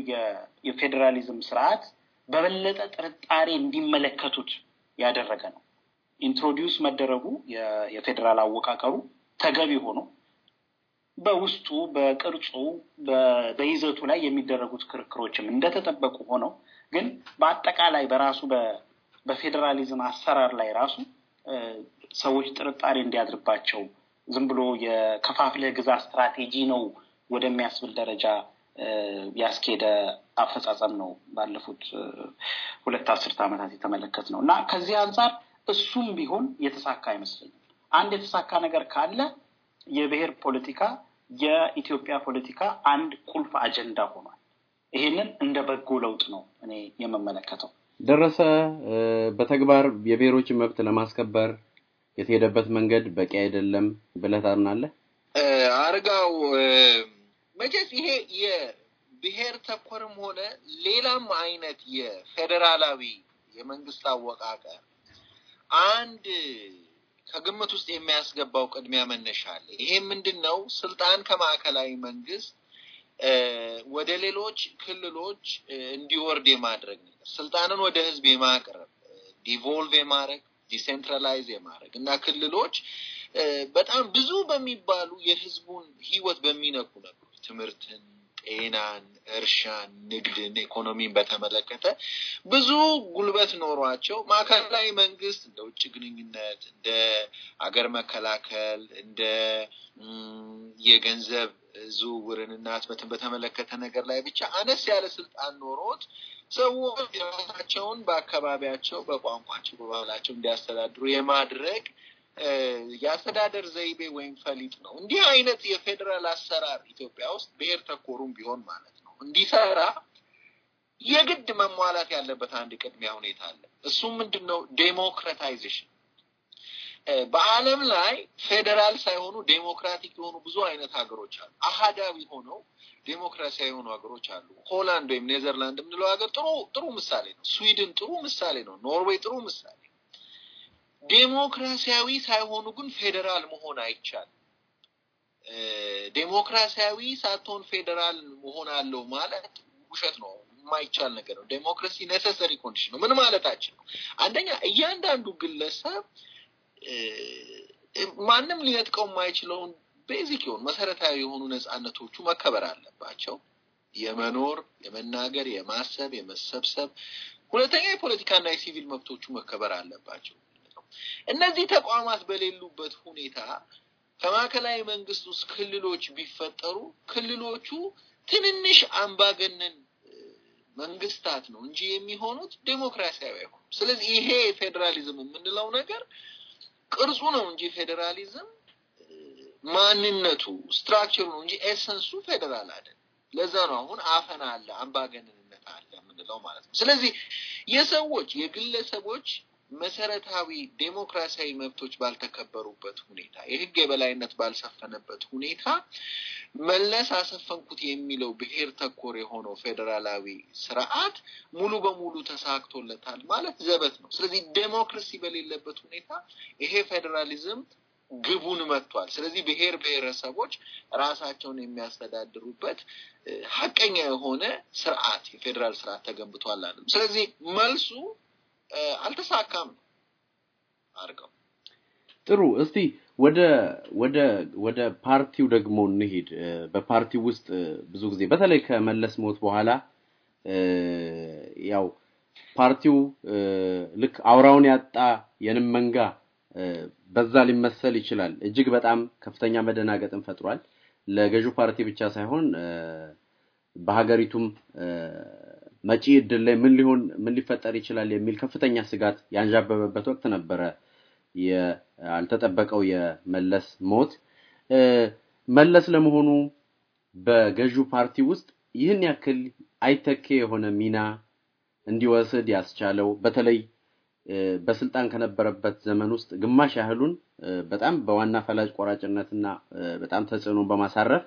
የፌዴራሊዝም ስርዓት በበለጠ ጥርጣሬ እንዲመለከቱት ያደረገ ነው። ኢንትሮዲውስ መደረጉ የፌዴራል አወቃቀሩ ተገቢ ሆኖ በውስጡ በቅርጹ በይዘቱ ላይ የሚደረጉት ክርክሮችም እንደተጠበቁ ሆነው ግን በአጠቃላይ በራሱ በፌዴራሊዝም አሰራር ላይ ራሱ ሰዎች ጥርጣሬ እንዲያድርባቸው ዝም ብሎ የከፋፍለ ግዛት ስትራቴጂ ነው ወደሚያስብል ደረጃ ያስኬደ አፈጻጸም ነው ባለፉት ሁለት አስርት ዓመታት የተመለከት ነው እና ከዚህ አንጻር እሱም ቢሆን የተሳካ አይመስለኝም። አንድ የተሳካ ነገር ካለ የብሔር ፖለቲካ የኢትዮጵያ ፖለቲካ አንድ ቁልፍ አጀንዳ ሆኗል። ይሄንን እንደ በጎ ለውጥ ነው እኔ የምመለከተው። ደረሰ በተግባር የብሔሮችን መብት ለማስከበር የተሄደበት መንገድ በቂ አይደለም ብለህ ታምናለህ? አርጋው መቼስ ይሄ የብሔር ተኮርም ሆነ ሌላም አይነት የፌዴራላዊ የመንግስት አወቃቀር አንድ ከግምት ውስጥ የሚያስገባው ቅድሚያ መነሻ አለ። ይሄ ምንድን ነው? ስልጣን ከማዕከላዊ መንግስት ወደ ሌሎች ክልሎች እንዲወርድ የማድረግ ነገር፣ ስልጣንን ወደ ህዝብ የማቅረብ ዲቮልቭ የማድረግ ዲሴንትራላይዝ የማድረግ እና ክልሎች በጣም ብዙ በሚባሉ የህዝቡን ህይወት በሚነኩ ነገሮች ትምህርትን፣ ጤናን፣ እርሻን፣ ንግድን፣ ኢኮኖሚን በተመለከተ ብዙ ጉልበት ኖሯቸው ማዕከላዊ መንግስት እንደ ውጭ ግንኙነት፣ እንደ አገር መከላከል፣ እንደ የገንዘብ ዝውውርንና ህትመትን በተመለከተ ነገር ላይ ብቻ አነስ ያለ ስልጣን ኖሮት ሰዎች ራሳቸውን በአካባቢያቸው፣ በቋንቋቸው፣ በባህላቸው እንዲያስተዳድሩ የማድረግ የአስተዳደር ዘይቤ ወይም ፈሊጥ ነው። እንዲህ አይነት የፌዴራል አሰራር ኢትዮጵያ ውስጥ ብሔር ተኮሩም ቢሆን ማለት ነው እንዲሰራ የግድ መሟላት ያለበት አንድ ቅድሚያ ሁኔታ አለ። እሱም ምንድን ነው? ዴሞክራታይዜሽን። በዓለም ላይ ፌዴራል ሳይሆኑ ዴሞክራቲክ የሆኑ ብዙ አይነት ሀገሮች አሉ። አህዳዊ ሆነው ዴሞክራሲያዊ የሆኑ ሀገሮች አሉ። ሆላንድ ወይም ኔዘርላንድ የምንለው ሀገር ጥሩ ጥሩ ምሳሌ ነው። ስዊድን ጥሩ ምሳሌ ነው። ኖርዌይ ጥሩ ምሳሌ ዴሞክራሲያዊ ሳይሆኑ ግን ፌዴራል መሆን አይቻልም። ዴሞክራሲያዊ ሳትሆን ፌዴራል መሆን አለው ማለት ውሸት ነው፣ የማይቻል ነገር ነው። ዴሞክራሲ ኔሰሰሪ ኮንዲሽን ነው። ምን ማለታችን ነው? አንደኛ እያንዳንዱ ግለሰብ ማንም ሊነጥቀው የማይችለውን ቤዚክ የሆኑ መሰረታዊ የሆኑ ነፃነቶቹ መከበር አለባቸው። የመኖር፣ የመናገር፣ የማሰብ፣ የመሰብሰብ ሁለተኛ የፖለቲካና የሲቪል መብቶቹ መከበር አለባቸው። እነዚህ ተቋማት በሌሉበት ሁኔታ ከማዕከላዊ መንግስት ውስጥ ክልሎች ቢፈጠሩ ክልሎቹ ትንንሽ አምባገነን መንግስታት ነው እንጂ የሚሆኑት ዴሞክራሲያዊ አይሆኑም። ስለዚህ ይሄ ፌዴራሊዝም የምንለው ነገር ቅርጹ ነው እንጂ ፌዴራሊዝም ማንነቱ ስትራክቸሩ ነው እንጂ ኤሰንሱ ፌዴራል አይደለም። ለዛ ነው አሁን አፈና አለ፣ አምባገነንነት አለ የምንለው ማለት ነው። ስለዚህ የሰዎች የግለሰቦች መሰረታዊ ዴሞክራሲያዊ መብቶች ባልተከበሩበት ሁኔታ፣ የህግ የበላይነት ባልሰፈነበት ሁኔታ መለስ አሰፈንኩት የሚለው ብሔር ተኮር የሆነው ፌዴራላዊ ስርዓት ሙሉ በሙሉ ተሳክቶለታል ማለት ዘበት ነው። ስለዚህ ዴሞክራሲ በሌለበት ሁኔታ ይሄ ፌዴራሊዝም ግቡን መጥቷል። ስለዚህ ብሔር ብሔረሰቦች ራሳቸውን የሚያስተዳድሩበት ሀቀኛ የሆነ ስርዓት የፌዴራል ስርዓት ተገንብቷል አለ። ስለዚህ መልሱ አልተሳካም አርገው ጥሩ እስቲ ወደ ወደ ወደ ፓርቲው ደግሞ እንሂድ። በፓርቲው ውስጥ ብዙ ጊዜ በተለይ ከመለስ ሞት በኋላ ያው ፓርቲው ልክ አውራውን ያጣ የንም መንጋ በዛ ሊመሰል ይችላል። እጅግ በጣም ከፍተኛ መደናገጥን ፈጥሯል። ለገዢው ፓርቲ ብቻ ሳይሆን በሀገሪቱም መጪ እድል ላይ ምን ሊሆን ምን ሊፈጠር ይችላል የሚል ከፍተኛ ስጋት ያንዣበበበት ወቅት ነበረ። ያልተጠበቀው የመለስ ሞት መለስ ለመሆኑ በገዢው ፓርቲ ውስጥ ይህን ያክል አይተኬ የሆነ ሚና እንዲወስድ ያስቻለው በተለይ በስልጣን ከነበረበት ዘመን ውስጥ ግማሽ ያህሉን በጣም በዋና ፈላጭ ቆራጭነትና በጣም ተጽዕኖን በማሳረፍ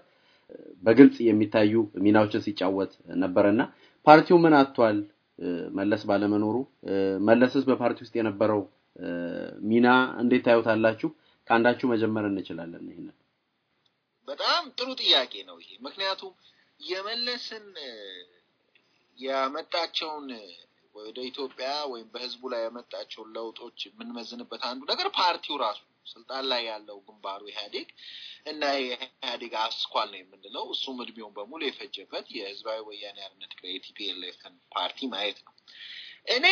በግልጽ የሚታዩ ሚናዎችን ሲጫወት ነበረና ፓርቲው ምን አቷል መለስ ባለመኖሩ መለስስ በፓርቲ ውስጥ የነበረው ሚና እንዴት ታዩታላችሁ? ከአንዳችሁ መጀመር እንችላለን። ይሄንን በጣም ጥሩ ጥያቄ ነው ይሄ። ምክንያቱም የመለስን ያመጣቸውን ወደ ኢትዮጵያ ወይም በህዝቡ ላይ ያመጣቸውን ለውጦች የምንመዝንበት አንዱ ነገር ፓርቲው ራሱ ስልጣን ላይ ያለው ግንባሩ ኢህአዴግ እና የኢህአዴግ አስኳል ነው የምንለው እሱም እድሜውን በሙሉ የፈጀበት የህዝባዊ ወያኔ ሓርነት ትግራይ ፓርቲ ማየት ነው። እኔ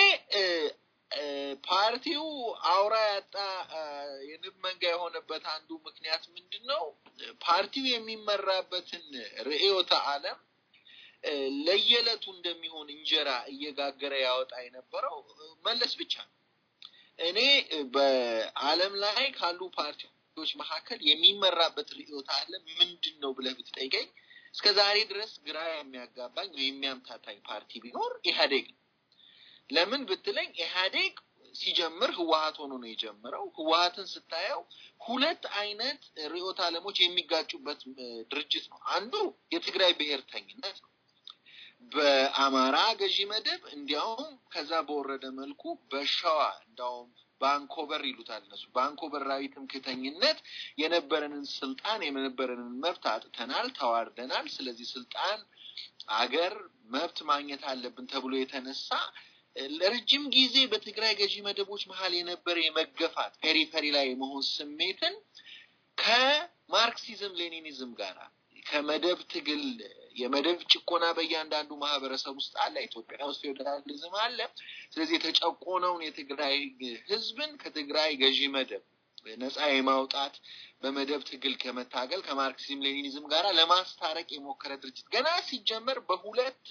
ፓርቲው አውራ ያጣ የንብ መንጋ የሆነበት አንዱ ምክንያት ምንድን ነው? ፓርቲው የሚመራበትን ርዕዮተ ዓለም ለየዕለቱ እንደሚሆን እንጀራ እየጋገረ ያወጣ የነበረው መለስ ብቻ ነው። እኔ በዓለም ላይ ካሉ ፓርቲዎች መካከል የሚመራበት ርዕዮተ ዓለም ምንድን ነው ብለህ ብትጠይቀኝ እስከ ዛሬ ድረስ ግራ የሚያጋባኝ የሚያምታታኝ ፓርቲ ቢኖር ኢህአዴግ ነው። ለምን ብትለኝ ኢህአዴግ ሲጀምር ህወሀት ሆኖ ነው የጀመረው። ህወሀትን ስታየው ሁለት አይነት ርዕዮተ ዓለሞች የሚጋጩበት ድርጅት ነው። አንዱ የትግራይ ብሔርተኝነት ነው። በአማራ ገዢ መደብ እንዲያውም ከዛ በወረደ መልኩ በሸዋ እንዲያውም ባንኮበር ይሉታል እነሱ ባንኮበራዊ ትምክተኝነት የነበረንን ስልጣን የነበረንን መብት አጥተናል፣ ተዋርደናል። ስለዚህ ስልጣን፣ አገር፣ መብት ማግኘት አለብን ተብሎ የተነሳ ለረጅም ጊዜ በትግራይ ገዢ መደቦች መሀል የነበረ የመገፋት ፔሪፈሪ ላይ የመሆን ስሜትን ከማርክሲዝም ሌኒኒዝም ጋር ከመደብ ትግል የመደብ ጭቆና በእያንዳንዱ ማህበረሰብ ውስጥ አለ። ኢትዮጵያ ውስጥ ፌዴራሊዝም አለ። ስለዚህ የተጨቆነውን የትግራይ ህዝብን ከትግራይ ገዢ መደብ ነጻ የማውጣት በመደብ ትግል ከመታገል ከማርክሲዝም ሌኒኒዝም ጋር ለማስታረቅ የሞከረ ድርጅት ገና ሲጀመር በሁለት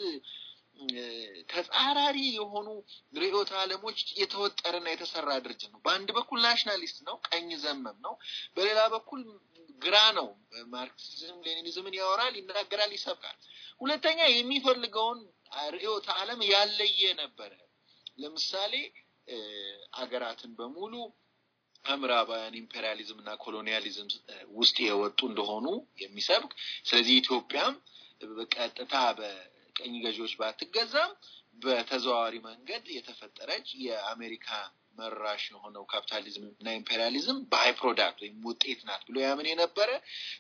ተጻራሪ የሆኑ ርዕዮተ ዓለሞች የተወጠረና የተሰራ ድርጅት ነው። በአንድ በኩል ናሽናሊስት ነው፣ ቀኝ ዘመም ነው። በሌላ በኩል ግራ ነው። ማርክሲዝም ሌኒኒዝምን ያወራል፣ ይናገራል፣ ይሰብካል። ሁለተኛ የሚፈልገውን ርዕዮተ ዓለም ያለየ ነበረ። ለምሳሌ አገራትን በሙሉ ከምዕራባውያን ኢምፔሪያሊዝም እና ኮሎኒያሊዝም ውስጥ የወጡ እንደሆኑ የሚሰብክ ስለዚህ ኢትዮጵያም በቀጥታ በቀኝ ገዢዎች ባትገዛም በተዘዋዋሪ መንገድ የተፈጠረች የአሜሪካ መራሽ የሆነው ካፒታሊዝም እና ኢምፔሪያሊዝም ባይ ፕሮዳክት ወይም ውጤት ናት ብሎ ያምን የነበረ።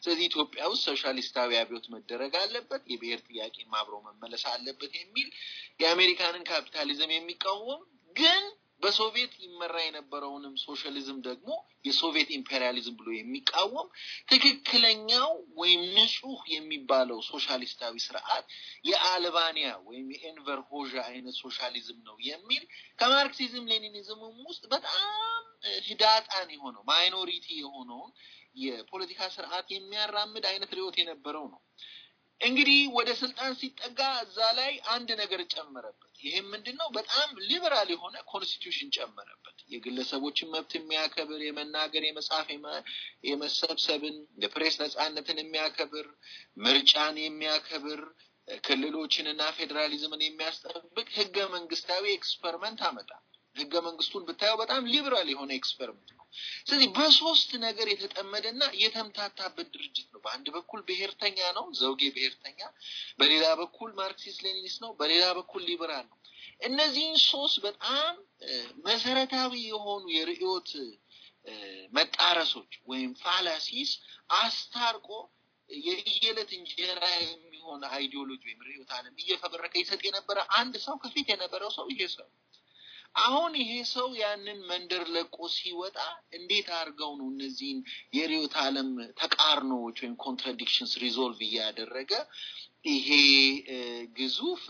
ስለዚህ ኢትዮጵያ ውስጥ ሶሻሊስታዊ አብዮት መደረግ አለበት፣ የብሔር ጥያቄ አብሮ መመለስ አለበት የሚል የአሜሪካንን ካፒታሊዝም የሚቃወም ግን በሶቪየት ይመራ የነበረውንም ሶሻሊዝም ደግሞ የሶቪየት ኢምፔሪያሊዝም ብሎ የሚቃወም ትክክለኛው ወይም ንጹህ የሚባለው ሶሻሊስታዊ ስርዓት የአልባኒያ ወይም የኤንቨር ሆዣ አይነት ሶሻሊዝም ነው የሚል ከማርክሲዝም ሌኒኒዝምም ውስጥ በጣም ህዳጣን የሆነው ማይኖሪቲ የሆነውን የፖለቲካ ስርዓት የሚያራምድ አይነት ሪዮት የነበረው ነው። እንግዲህ ወደ ስልጣን ሲጠጋ እዛ ላይ አንድ ነገር ጨመረበት። ይህም ምንድን ነው? በጣም ሊበራል የሆነ ኮንስቲቱሽን ጨመረበት። የግለሰቦችን መብት የሚያከብር የመናገር፣ የመጻፍ፣ የመሰብሰብን፣ የፕሬስ ነጻነትን የሚያከብር ምርጫን የሚያከብር ክልሎችንና ፌዴራሊዝምን የሚያስጠብቅ ህገ መንግስታዊ ኤክስፐሪመንት አመጣ። ህገ መንግስቱን ብታየው በጣም ሊበራል የሆነ ኤክስፐሪመንት ነው። ስለዚህ በሶስት ነገር የተጠመደና የተምታታበት ድርጅት ነው። በአንድ በኩል ብሔርተኛ ነው፣ ዘውጌ ብሔርተኛ፣ በሌላ በኩል ማርክሲስት ሌኒኒስት ነው፣ በሌላ በኩል ሊበራል ነው። እነዚህን ሶስት በጣም መሰረታዊ የሆኑ የርዕዮት መጣረሶች ወይም ፋላሲስ አስታርቆ የየዕለት እንጀራ የሚሆን አይዲዮሎጂ ወይም ርዕዮተ ዓለም እየፈበረከ ይሰጥ የነበረ አንድ ሰው ከፊት የነበረው ሰው ይሄ ሰው አሁን ይሄ ሰው ያንን መንደር ለቆ ሲወጣ እንዴት አድርገው ነው እነዚህን የሪዮት አለም ተቃርኖዎች ወይም ኮንትራዲክሽንስ ሪዞልቭ እያደረገ ይሄ ግዙፍ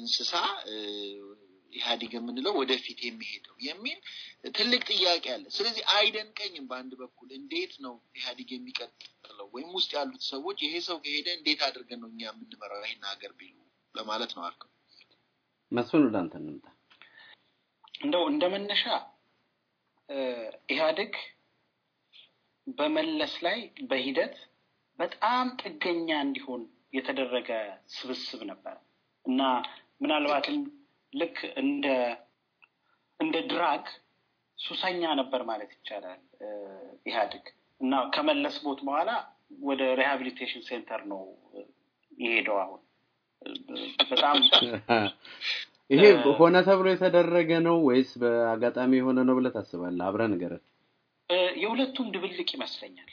እንስሳ ኢህአዲግ የምንለው ወደፊት የሚሄደው የሚል ትልቅ ጥያቄ አለ። ስለዚህ አይደንቀኝም በአንድ በኩል እንዴት ነው ኢህአዲግ የሚቀጥለው ወይም ውስጥ ያሉት ሰዎች ይሄ ሰው ከሄደ እንዴት አድርገን ነው እኛ የምንመራው ይህን ሀገር ቢሉ ለማለት ነው። አርከው መስፍን ወደ አንተ እንምጣ። እንደው እንደ መነሻ ኢህአዴግ በመለስ ላይ በሂደት በጣም ጥገኛ እንዲሆን የተደረገ ስብስብ ነበር እና ምናልባትም ልክ እንደ እንደ ድራግ ሱሰኛ ነበር ማለት ይቻላል ኢህአዴግ እና ከመለስ ቦት በኋላ ወደ ሪሃቢሊቴሽን ሴንተር ነው የሄደው። አሁን በጣም ይሄ ሆነ ተብሎ የተደረገ ነው ወይስ በአጋጣሚ የሆነ ነው ብለ ታስባለ አብረ ንገረን። የሁለቱም ድብልቅ ይመስለኛል።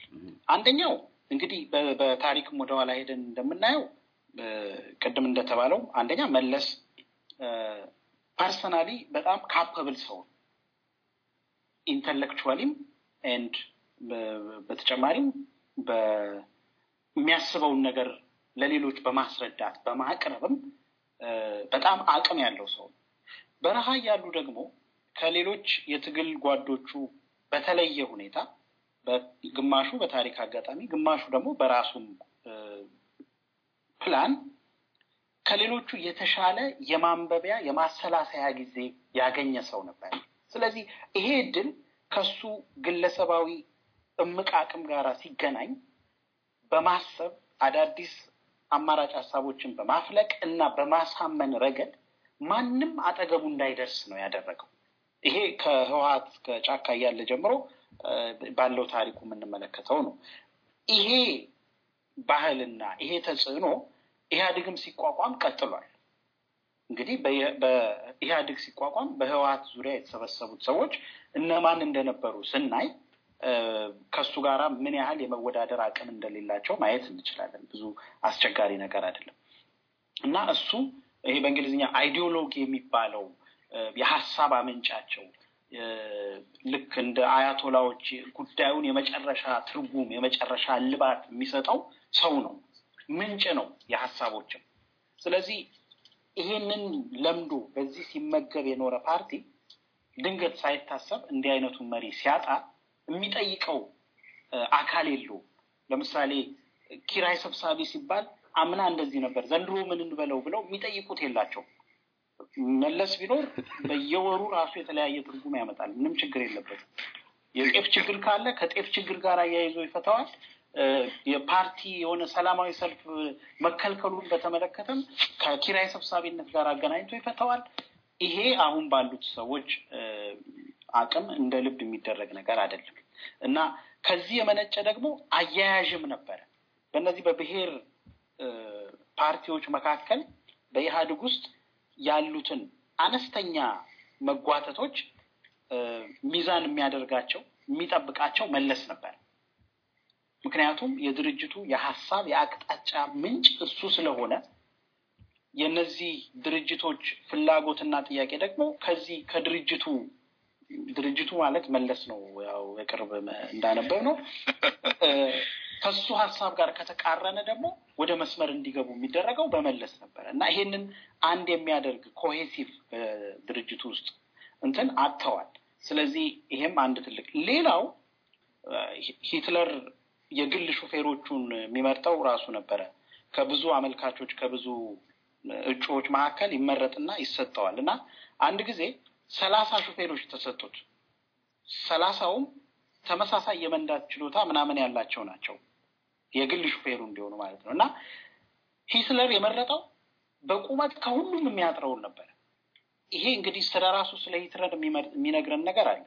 አንደኛው እንግዲህ በታሪክም ወደኋላ ሄደን እንደምናየው ቅድም እንደተባለው አንደኛ መለስ ፐርሰናሊ በጣም ካፐብል ሰው ኢንተሌክቹዋሊም ንድ በተጨማሪም የሚያስበውን ነገር ለሌሎች በማስረዳት በማቅረብም በጣም አቅም ያለው ሰው ነው። በረሃ ያሉ ደግሞ ከሌሎች የትግል ጓዶቹ በተለየ ሁኔታ ግማሹ በታሪክ አጋጣሚ፣ ግማሹ ደግሞ በራሱም ፕላን ከሌሎቹ የተሻለ የማንበቢያ የማሰላሰያ ጊዜ ያገኘ ሰው ነበር። ስለዚህ ይሄ እድል ከሱ ግለሰባዊ እምቅ አቅም ጋር ሲገናኝ በማሰብ አዳዲስ አማራጭ ሀሳቦችን በማፍለቅ እና በማሳመን ረገድ ማንም አጠገቡ እንዳይደርስ ነው ያደረገው። ይሄ ከህወሀት ከጫካ እያለ ጀምሮ ባለው ታሪኩ የምንመለከተው ነው። ይሄ ባህልና ይሄ ተጽዕኖ ኢህአዴግም ሲቋቋም ቀጥሏል። እንግዲህ በኢህአዴግ ሲቋቋም በህወሀት ዙሪያ የተሰበሰቡት ሰዎች እነማን እንደነበሩ ስናይ ከሱ ጋራ ምን ያህል የመወዳደር አቅም እንደሌላቸው ማየት እንችላለን። ብዙ አስቸጋሪ ነገር አይደለም እና እሱ ይሄ በእንግሊዝኛ አይዲዮሎጊ የሚባለው የሀሳብ አመንጫቸው ልክ እንደ አያቶላዎች ጉዳዩን የመጨረሻ ትርጉም የመጨረሻ ልባት የሚሰጠው ሰው ነው፣ ምንጭ ነው የሀሳቦችም። ስለዚህ ይሄንን ለምዶ በዚህ ሲመገብ የኖረ ፓርቲ ድንገት ሳይታሰብ እንዲህ አይነቱን መሪ ሲያጣ የሚጠይቀው አካል የለውም። ለምሳሌ ኪራይ ሰብሳቢ ሲባል አምና እንደዚህ ነበር፣ ዘንድሮ ምን እንበለው ብለው የሚጠይቁት የላቸው። መለስ ቢኖር በየወሩ ራሱ የተለያየ ትርጉም ያመጣል። ምንም ችግር የለበትም። የጤፍ ችግር ካለ ከጤፍ ችግር ጋር አያይዞ ይፈተዋል። የፓርቲ የሆነ ሰላማዊ ሰልፍ መከልከሉን በተመለከተም ከኪራይ ሰብሳቢነት ጋር አገናኝቶ ይፈተዋል። ይሄ አሁን ባሉት ሰዎች አቅም እንደ ልብ የሚደረግ ነገር አይደለም እና ከዚህ የመነጨ ደግሞ አያያዥም ነበረ። በእነዚህ በብሔር ፓርቲዎች መካከል በኢህአዴግ ውስጥ ያሉትን አነስተኛ መጓተቶች ሚዛን የሚያደርጋቸው የሚጠብቃቸው መለስ ነበር። ምክንያቱም የድርጅቱ የሀሳብ የአቅጣጫ ምንጭ እሱ ስለሆነ የነዚህ ድርጅቶች ፍላጎትና ጥያቄ ደግሞ ከዚህ ከድርጅቱ ድርጅቱ ማለት መለስ ነው ያው ቅርብ እንዳነበብ ነው። ከሱ ሀሳብ ጋር ከተቃረነ ደግሞ ወደ መስመር እንዲገቡ የሚደረገው በመለስ ነበረ እና ይሄንን አንድ የሚያደርግ ኮሄሲቭ ድርጅቱ ውስጥ እንትን አጥተዋል። ስለዚህ ይሄም አንድ ትልቅ ሌላው ሂትለር የግል ሾፌሮቹን የሚመርጠው ራሱ ነበረ። ከብዙ አመልካቾች ከብዙ እጩዎች መካከል ይመረጥና ይሰጠዋል እና አንድ ጊዜ ሰላሳ ሹፌሮች ተሰጡት። ሰላሳውም ተመሳሳይ የመንዳት ችሎታ ምናምን ያላቸው ናቸው፣ የግል ሹፌሩ እንዲሆኑ ማለት ነው። እና ሂስለር የመረጠው በቁመት ከሁሉም የሚያጥረውን ነበር። ይሄ እንግዲህ ስለ ራሱ ስለ ሂትለር የሚነግረን ነገር አለ።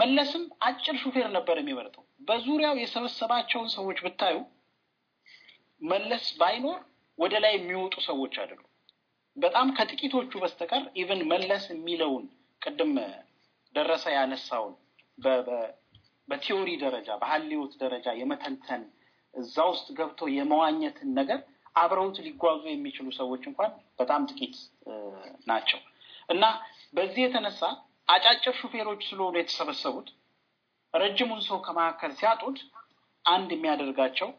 መለስም አጭር ሹፌር ነበር የሚመርጠው። በዙሪያው የሰበሰባቸውን ሰዎች ብታዩ መለስ ባይኖር ወደ ላይ የሚወጡ ሰዎች አይደሉ። በጣም ከጥቂቶቹ በስተቀር ኢቨን መለስ የሚለውን ቅድም ደረሰ ያነሳውን በቲዎሪ ደረጃ በሀሊዎት ደረጃ የመተንተን እዛ ውስጥ ገብቶ የመዋኘትን ነገር አብረውት ሊጓዙ የሚችሉ ሰዎች እንኳን በጣም ጥቂት ናቸው እና በዚህ የተነሳ አጫጭር ሹፌሮች ስለሆኑ የተሰበሰቡት ረጅሙን ሰው ከመካከል ሲያጡት አንድ የሚያደርጋቸው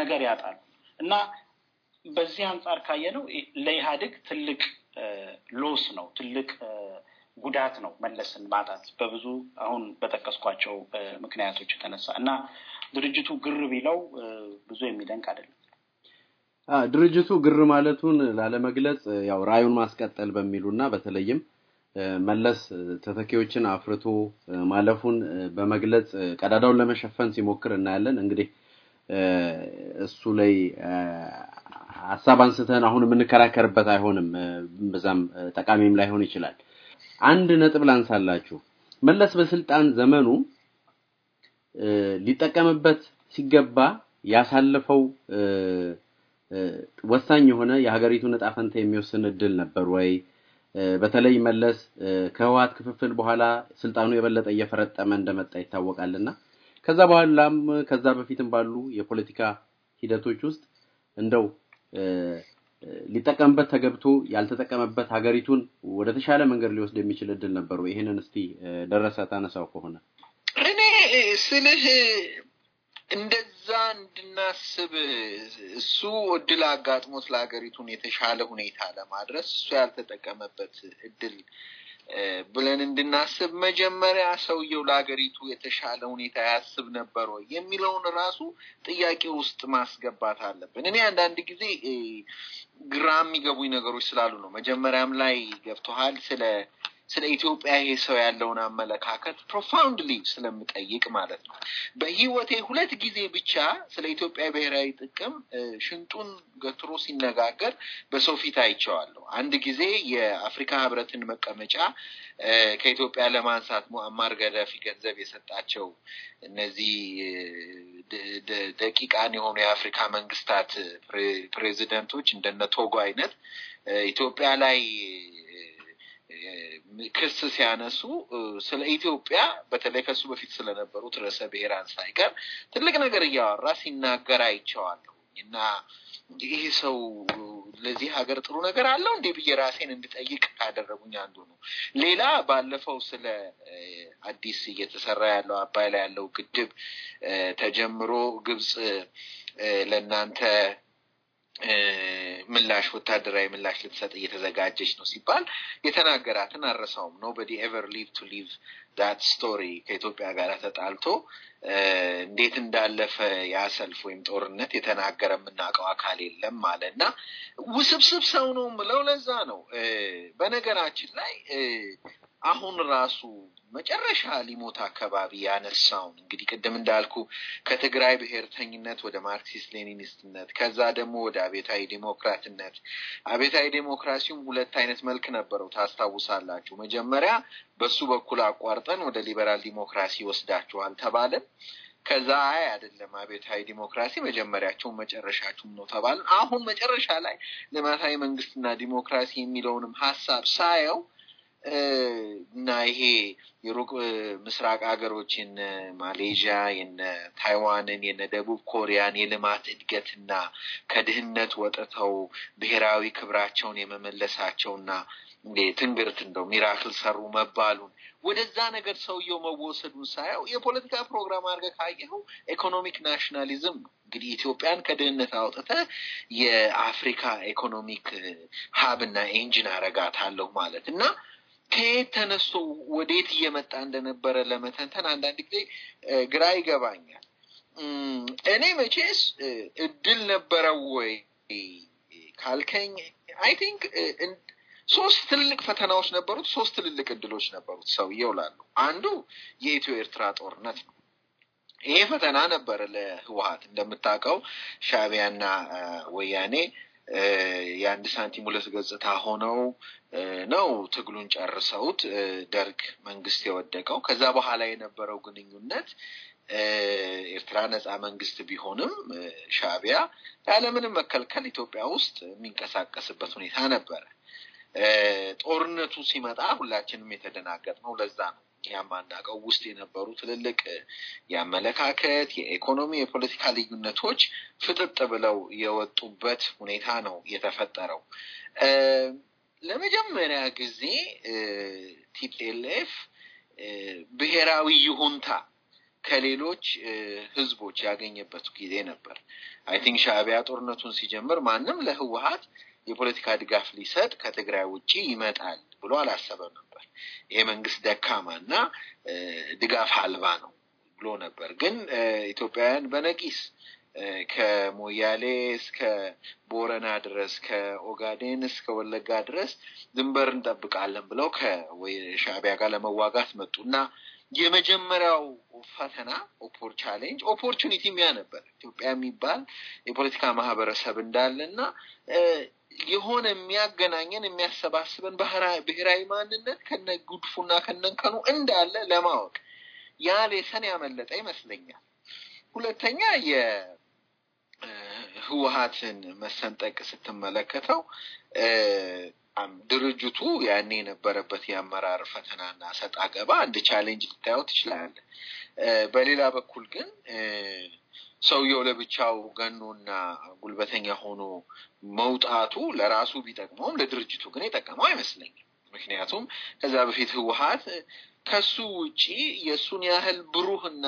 ነገር ያጣሉ እና በዚህ አንጻር ነው ለኢህአዴግ ትልቅ ሎስ ነው፣ ትልቅ ጉዳት ነው መለስን ማጣት በብዙ አሁን በጠቀስኳቸው ምክንያቶች የተነሳ እና ድርጅቱ ግር ቢለው ብዙ የሚደንቅ አይደለም። ድርጅቱ ግር ማለቱን ላለመግለጽ ያው ራዩን ማስቀጠል በሚሉ እና በተለይም መለስ ተተኪዎችን አፍርቶ ማለፉን በመግለጽ ቀዳዳውን ለመሸፈን ሲሞክር እናያለን። እንግዲህ እሱ ላይ ሀሳብ አንስተን አሁን የምንከራከርበት አይሆንም፣ በዛም ጠቃሚም ላይሆን ይችላል። አንድ ነጥብ ላንሳላችሁ። መለስ በስልጣን ዘመኑ ሊጠቀምበት ሲገባ ያሳለፈው ወሳኝ የሆነ የሀገሪቱን ዕጣ ፈንታ የሚወስን እድል ነበር ወይ? በተለይ መለስ ከህወሓት ክፍፍል በኋላ ስልጣኑ የበለጠ እየፈረጠመ እንደመጣ ይታወቃልና ከዛ በኋላም ከዛ በፊትም ባሉ የፖለቲካ ሂደቶች ውስጥ እንደው ሊጠቀምበት ተገብቶ ያልተጠቀመበት ሀገሪቱን ወደ ተሻለ መንገድ ሊወስድ የሚችል እድል ነበሩ። ይህንን እስቲ ደረሰ ታነሳው ከሆነ እኔ ስልህ እንደዛ እንድናስብ እሱ እድል አጋጥሞት ለሀገሪቱን የተሻለ ሁኔታ ለማድረስ እሱ ያልተጠቀመበት እድል ብለን እንድናስብ መጀመሪያ ሰውየው ለሀገሪቱ የተሻለ ሁኔታ ያስብ ነበር ወይ የሚለውን ራሱ ጥያቄ ውስጥ ማስገባት አለብን። እኔ አንዳንድ ጊዜ ግራ የሚገቡኝ ነገሮች ስላሉ ነው። መጀመሪያም ላይ ገብተሃል ስለ ስለ ኢትዮጵያ ይሄ ሰው ያለውን አመለካከት ፕሮፋውንድሊ ስለምጠይቅ ማለት ነው። በህይወቴ ሁለት ጊዜ ብቻ ስለ ኢትዮጵያ ብሔራዊ ጥቅም ሽንጡን ገትሮ ሲነጋገር በሰው ፊት አይቸዋለሁ። አንድ ጊዜ የአፍሪካ ህብረትን መቀመጫ ከኢትዮጵያ ለማንሳት ሙአማር ገዳፊ ገንዘብ የሰጣቸው እነዚህ ደቂቃን የሆኑ የአፍሪካ መንግስታት ፕሬዚደንቶች እንደነ ቶጎ አይነት ኢትዮጵያ ላይ ክስ ሲያነሱ ስለ ኢትዮጵያ በተለይ ከሱ በፊት ስለነበሩት ርዕሰ ብሔራን ሳይቀር ትልቅ ነገር እያወራ ሲናገር አይቸዋለሁ እና ይህ ሰው ለዚህ ሀገር ጥሩ ነገር አለው እንዴ ብዬ ራሴን እንድጠይቅ ካደረጉኝ አንዱ ነው። ሌላ ባለፈው ስለ አዲስ እየተሰራ ያለው አባይ ላይ ያለው ግድብ ተጀምሮ ግብጽ ለእናንተ ምላሽ ወታደራዊ ምላሽ ልትሰጥ እየተዘጋጀች ነው ሲባል የተናገራትን አረሳውም። ኖበዲ ኤቨር ሊቭ ቱ ሊቭ ዳት ስቶሪ ከኢትዮጵያ ጋር ተጣልቶ እንዴት እንዳለፈ ያ ወይም ጦርነት የተናገረ የምናውቀው አካል የለም አለ እና ውስብስብ ሰው ነው ምለው ለዛ ነው። በነገራችን ላይ አሁን ራሱ መጨረሻ ሊሞት አካባቢ ያነሳውን እንግዲህ ቅድም እንዳልኩ ከትግራይ ብሔርተኝነት ወደ ማርክሲስት ሌኒኒስትነት ከዛ ደግሞ ወደ አቤታዊ ዴሞክራትነት። አቤታዊ ዴሞክራሲውም ሁለት አይነት መልክ ነበረው ታስታውሳላችሁ። መጀመሪያ በሱ በኩል አቋርጠን ወደ ሊበራል ዲሞክራሲ ወስዳችኋል ተባለን። ከዛ አይ አይደለም አቤታዊ ዲሞክራሲ መጀመሪያቸውን መጨረሻቸውም ነው ተባለ አሁን መጨረሻ ላይ ልማታዊ መንግስትና ዲሞክራሲ የሚለውንም ሀሳብ ሳየው እና ይሄ የሩቅ ምስራቅ ሀገሮች የነ ማሌዥያ፣ የነ ታይዋንን፣ የነ ደቡብ ኮሪያን የልማት እድገትና ከድህነት ወጥተው ብሔራዊ ክብራቸውን የመመለሳቸውና ትንግርት እንደው ሚራክል ሰሩ መባሉን ወደዛ ነገር ሰውየው መወሰዱን ሳየው የፖለቲካ ፕሮግራም አድርገ ካየኸው ኢኮኖሚክ ናሽናሊዝም እንግዲህ ኢትዮጵያን ከድህነት አውጥተ የአፍሪካ ኢኮኖሚክ ሀብና ኤንጂን አረጋታለሁ ማለት እና ከየት ተነስቶ ወዴት እየመጣ እንደነበረ ለመተንተን አንዳንድ ጊዜ ግራ ይገባኛል። እኔ መቼስ እድል ነበረው ወይ ካልከኝ አይ ቲንክ ሶስት ትልልቅ ፈተናዎች ነበሩት። ሶስት ትልልቅ እድሎች ነበሩት ሰውየው ላሉ። አንዱ የኢትዮ ኤርትራ ጦርነት ነው። ይሄ ፈተና ነበር ለህወሀት። እንደምታውቀው ሻቢያና ወያኔ የአንድ ሳንቲም ሁለት ገጽታ ሆነው ነው ትግሉን ጨርሰውት ደርግ መንግስት የወደቀው። ከዛ በኋላ የነበረው ግንኙነት ኤርትራ ነፃ መንግስት ቢሆንም ሻቢያ ያለምንም መከልከል ኢትዮጵያ ውስጥ የሚንቀሳቀስበት ሁኔታ ነበረ። ጦርነቱ ሲመጣ ሁላችንም የተደናገጥ ነው። ለዛ ነው እኛም አናውቀው ውስጥ የነበሩ ትልልቅ የአመለካከት፣ የኢኮኖሚ፣ የፖለቲካ ልዩነቶች ፍጥጥ ብለው የወጡበት ሁኔታ ነው የተፈጠረው። ለመጀመሪያ ጊዜ ቲፒኤልኤፍ ብሔራዊ ይሁንታ ከሌሎች ህዝቦች ያገኘበት ጊዜ ነበር። አይ ቲንክ ሻዕቢያ ጦርነቱን ሲጀምር ማንም ለህወሀት የፖለቲካ ድጋፍ ሊሰጥ ከትግራይ ውጭ ይመጣል ብሎ አላሰበም። ነበር። ይሄ መንግስት ደካማ እና ድጋፍ አልባ ነው ብሎ ነበር። ግን ኢትዮጵያውያን በነቂስ ከሞያሌ እስከ ቦረና ድረስ ከኦጋዴን እስከ ወለጋ ድረስ ድንበር እንጠብቃለን ብለው ከሻዕቢያ ጋር ለመዋጋት መጡ እና የመጀመሪያው ፈተና ኦፖር ቻሌንጅ ኦፖርቹኒቲ ሚያ ነበር። ኢትዮጵያ የሚባል የፖለቲካ ማህበረሰብ እንዳለ እና የሆነ የሚያገናኘን የሚያሰባስበን ብሔራዊ ማንነት ከነ ጉድፉና ከነንከኑ እንዳለ ለማወቅ ያ ሌሰን ያመለጠ ይመስለኛል። ሁለተኛ የህወሀትን መሰንጠቅ ስትመለከተው ድርጅቱ ያኔ የነበረበት የአመራር ፈተናና ሰጥ አገባ አንድ ቻሌንጅ ልታየው ትችላለ። በሌላ በኩል ግን ሰውየው ለብቻው ገኖና ጉልበተኛ ሆኖ መውጣቱ ለራሱ ቢጠቅመውም ለድርጅቱ ግን የጠቀመው አይመስለኝም። ምክንያቱም ከዛ በፊት ህወሀት ከሱ ውጪ የእሱን ያህል ብሩህና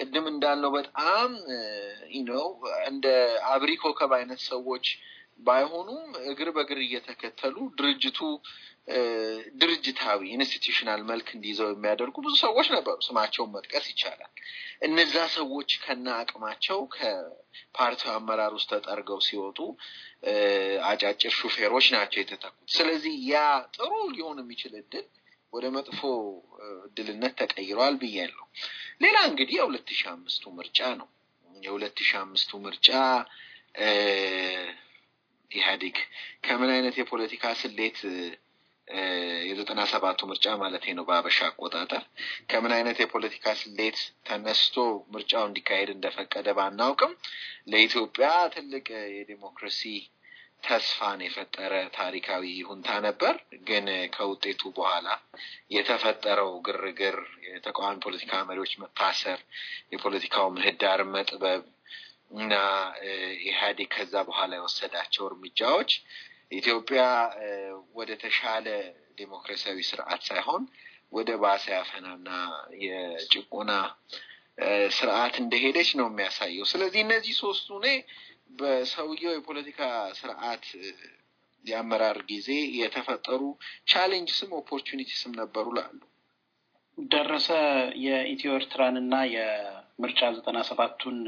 ቅድም እንዳልነው በጣም ነው እንደ አብሪ ኮከብ አይነት ሰዎች ባይሆኑም እግር በእግር እየተከተሉ ድርጅቱ ድርጅታዊ ኢንስቲቱሽናል መልክ እንዲይዘው የሚያደርጉ ብዙ ሰዎች ነበሩ። ስማቸውን መጥቀስ ይቻላል። እነዛ ሰዎች ከና አቅማቸው ከፓርቲው አመራር ውስጥ ተጠርገው ሲወጡ አጫጭር ሹፌሮች ናቸው የተተኩት። ስለዚህ ያ ጥሩ ሊሆን የሚችል እድል ወደ መጥፎ እድልነት ተቀይረዋል ብያለሁ። ሌላ እንግዲህ የሁለት ሺህ አምስቱ ምርጫ ነው። የሁለት ሺህ አምስቱ ምርጫ ኢህአዴግ ከምን አይነት የፖለቲካ ስሌት የዘጠና ሰባቱ ምርጫ ማለት ነው በአበሻ አቆጣጠር ከምን አይነት የፖለቲካ ስሌት ተነስቶ ምርጫው እንዲካሄድ እንደፈቀደ ባናውቅም ለኢትዮጵያ ትልቅ የዲሞክራሲ ተስፋን የፈጠረ ታሪካዊ ሁንታ ነበር። ግን ከውጤቱ በኋላ የተፈጠረው ግርግር፣ የተቃዋሚ ፖለቲካ መሪዎች መታሰር፣ የፖለቲካው ምህዳር መጥበብ እና ኢህአዴግ ከዛ በኋላ የወሰዳቸው እርምጃዎች ኢትዮጵያ ወደ ተሻለ ዴሞክራሲያዊ ስርዓት ሳይሆን ወደ ባሰ ያፈናና የጭቆና ስርዓት እንደሄደች ነው የሚያሳየው። ስለዚህ እነዚህ ሶስቱ እኔ በሰውየው የፖለቲካ ስርዓት የአመራር ጊዜ የተፈጠሩ ቻሌንጅስም ኦፖርቹኒቲስም ነበሩ ላሉ ደረሰ የኢትዮ ኤርትራንና ምርጫ ዘጠና ሰባቱን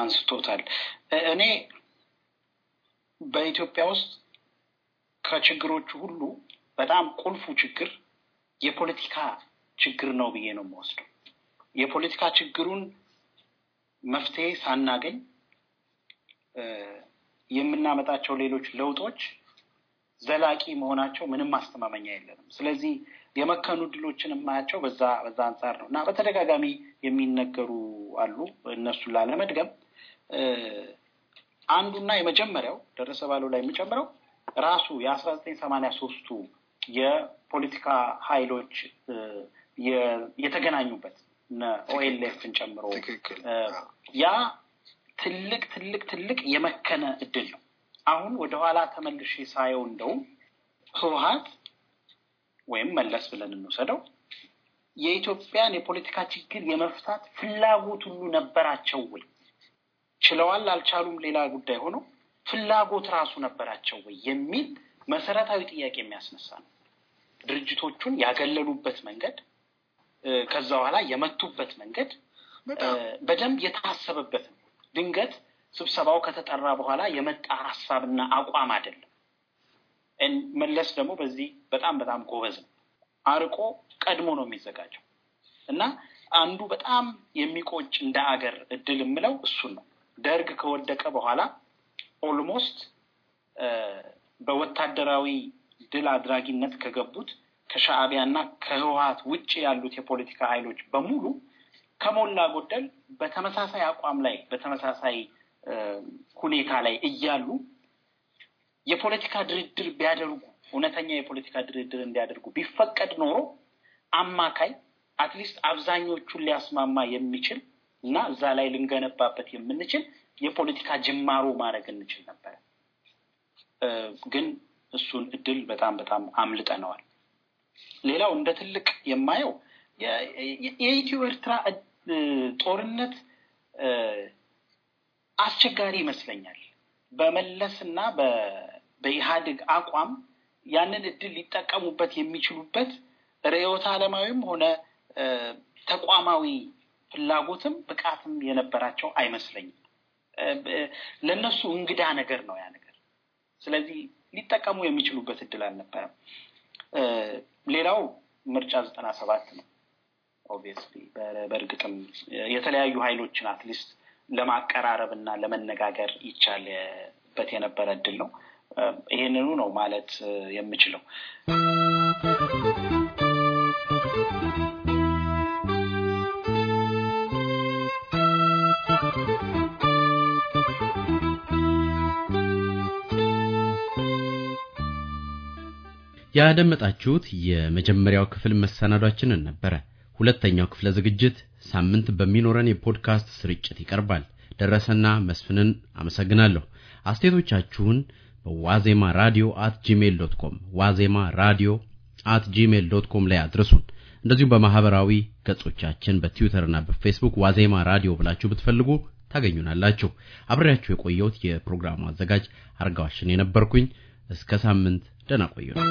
አንስቶታል። እኔ በኢትዮጵያ ውስጥ ከችግሮቹ ሁሉ በጣም ቁልፉ ችግር የፖለቲካ ችግር ነው ብዬ ነው የምወስደው። የፖለቲካ ችግሩን መፍትሄ ሳናገኝ የምናመጣቸው ሌሎች ለውጦች ዘላቂ መሆናቸው ምንም ማስተማመኛ የለንም። ስለዚህ የመከኑ ድሎችን የማያቸው በዛ በዛ አንጻር ነው እና በተደጋጋሚ የሚነገሩ አሉ። እነሱን ላለመድገም አንዱና የመጀመሪያው ደረሰ ባለው ላይ የሚጨምረው ራሱ የአስራ ዘጠኝ ሰማኒያ ሶስቱ የፖለቲካ ሀይሎች የተገናኙበት ኦኤልኤፍን ጨምሮ ያ ትልቅ ትልቅ ትልቅ የመከነ እድል ነው። አሁን ወደኋላ ተመልሼ ሳየው እንደውም ህወሀት ወይም መለስ ብለን እንውሰደው የኢትዮጵያን የፖለቲካ ችግር የመፍታት ፍላጎት ሁሉ ነበራቸው ወይ? ችለዋል አልቻሉም፣ ሌላ ጉዳይ ሆኖ ፍላጎት ራሱ ነበራቸው ወይ የሚል መሰረታዊ ጥያቄ የሚያስነሳ ነው። ድርጅቶቹን ያገለሉበት መንገድ፣ ከዛ በኋላ የመቱበት መንገድ በደንብ የታሰበበት ድንገት ስብሰባው ከተጠራ በኋላ የመጣ ሀሳብና አቋም አይደለም። መለስ ደግሞ በዚህ በጣም በጣም ጎበዝ ነው። አርቆ ቀድሞ ነው የሚዘጋጀው እና አንዱ በጣም የሚቆጭ እንደ አገር እድል የምለው እሱን ነው። ደርግ ከወደቀ በኋላ ኦልሞስት በወታደራዊ ድል አድራጊነት ከገቡት ከሻዕቢያ እና ከህወሀት ውጭ ያሉት የፖለቲካ ኃይሎች በሙሉ ከሞላ ጎደል በተመሳሳይ አቋም ላይ በተመሳሳይ ሁኔታ ላይ እያሉ የፖለቲካ ድርድር ቢያደርጉ እውነተኛ የፖለቲካ ድርድር እንዲያደርጉ ቢፈቀድ ኖሮ አማካይ አትሊስት አብዛኞቹን ሊያስማማ የሚችል እና እዛ ላይ ልንገነባበት የምንችል የፖለቲካ ጅማሮ ማድረግ እንችል ነበረ። ግን እሱን እድል በጣም በጣም አምልጠነዋል። ሌላው እንደ ትልቅ የማየው የኢትዮ ኤርትራ ጦርነት አስቸጋሪ ይመስለኛል በመለስ እና በኢህአዴግ አቋም ያንን እድል ሊጠቀሙበት የሚችሉበት ርዕዮተ ዓለማዊም ሆነ ተቋማዊ ፍላጎትም ብቃትም የነበራቸው አይመስለኝም። ለእነሱ እንግዳ ነገር ነው ያ ነገር። ስለዚህ ሊጠቀሙ የሚችሉበት እድል አልነበረም። ሌላው ምርጫ ዘጠና ሰባት ነው። ኦብቪየስሊ በእርግጥም የተለያዩ ሀይሎችን አትሊስት ለማቀራረብ እና ለመነጋገር ይቻልበት የነበረ እድል ነው። ይህንኑ ነው ማለት የምችለው። ያደመጣችሁት የመጀመሪያው ክፍል መሰናዷችንን ነበረ። ሁለተኛው ክፍለ ዝግጅት ሳምንት በሚኖረን የፖድካስት ስርጭት ይቀርባል። ደረሰና መስፍንን አመሰግናለሁ። አስተያየቶቻችሁን በዋዜማ ራዲዮ አት ጂሜል ዶት ኮም ዋዜማ ራዲዮ አት ጂሜል ዶት ኮም ላይ አድረሱን። እንደዚሁም በማህበራዊ ገጾቻችን በትዊተርና በፌስቡክ ዋዜማ ራዲዮ ብላችሁ ብትፈልጉ ታገኙናላችሁ። አብሬያችሁ የቆየሁት የፕሮግራሙ አዘጋጅ አርጋዋሽን የነበርኩኝ። እስከ ሳምንት ደህና ቆዩ ነው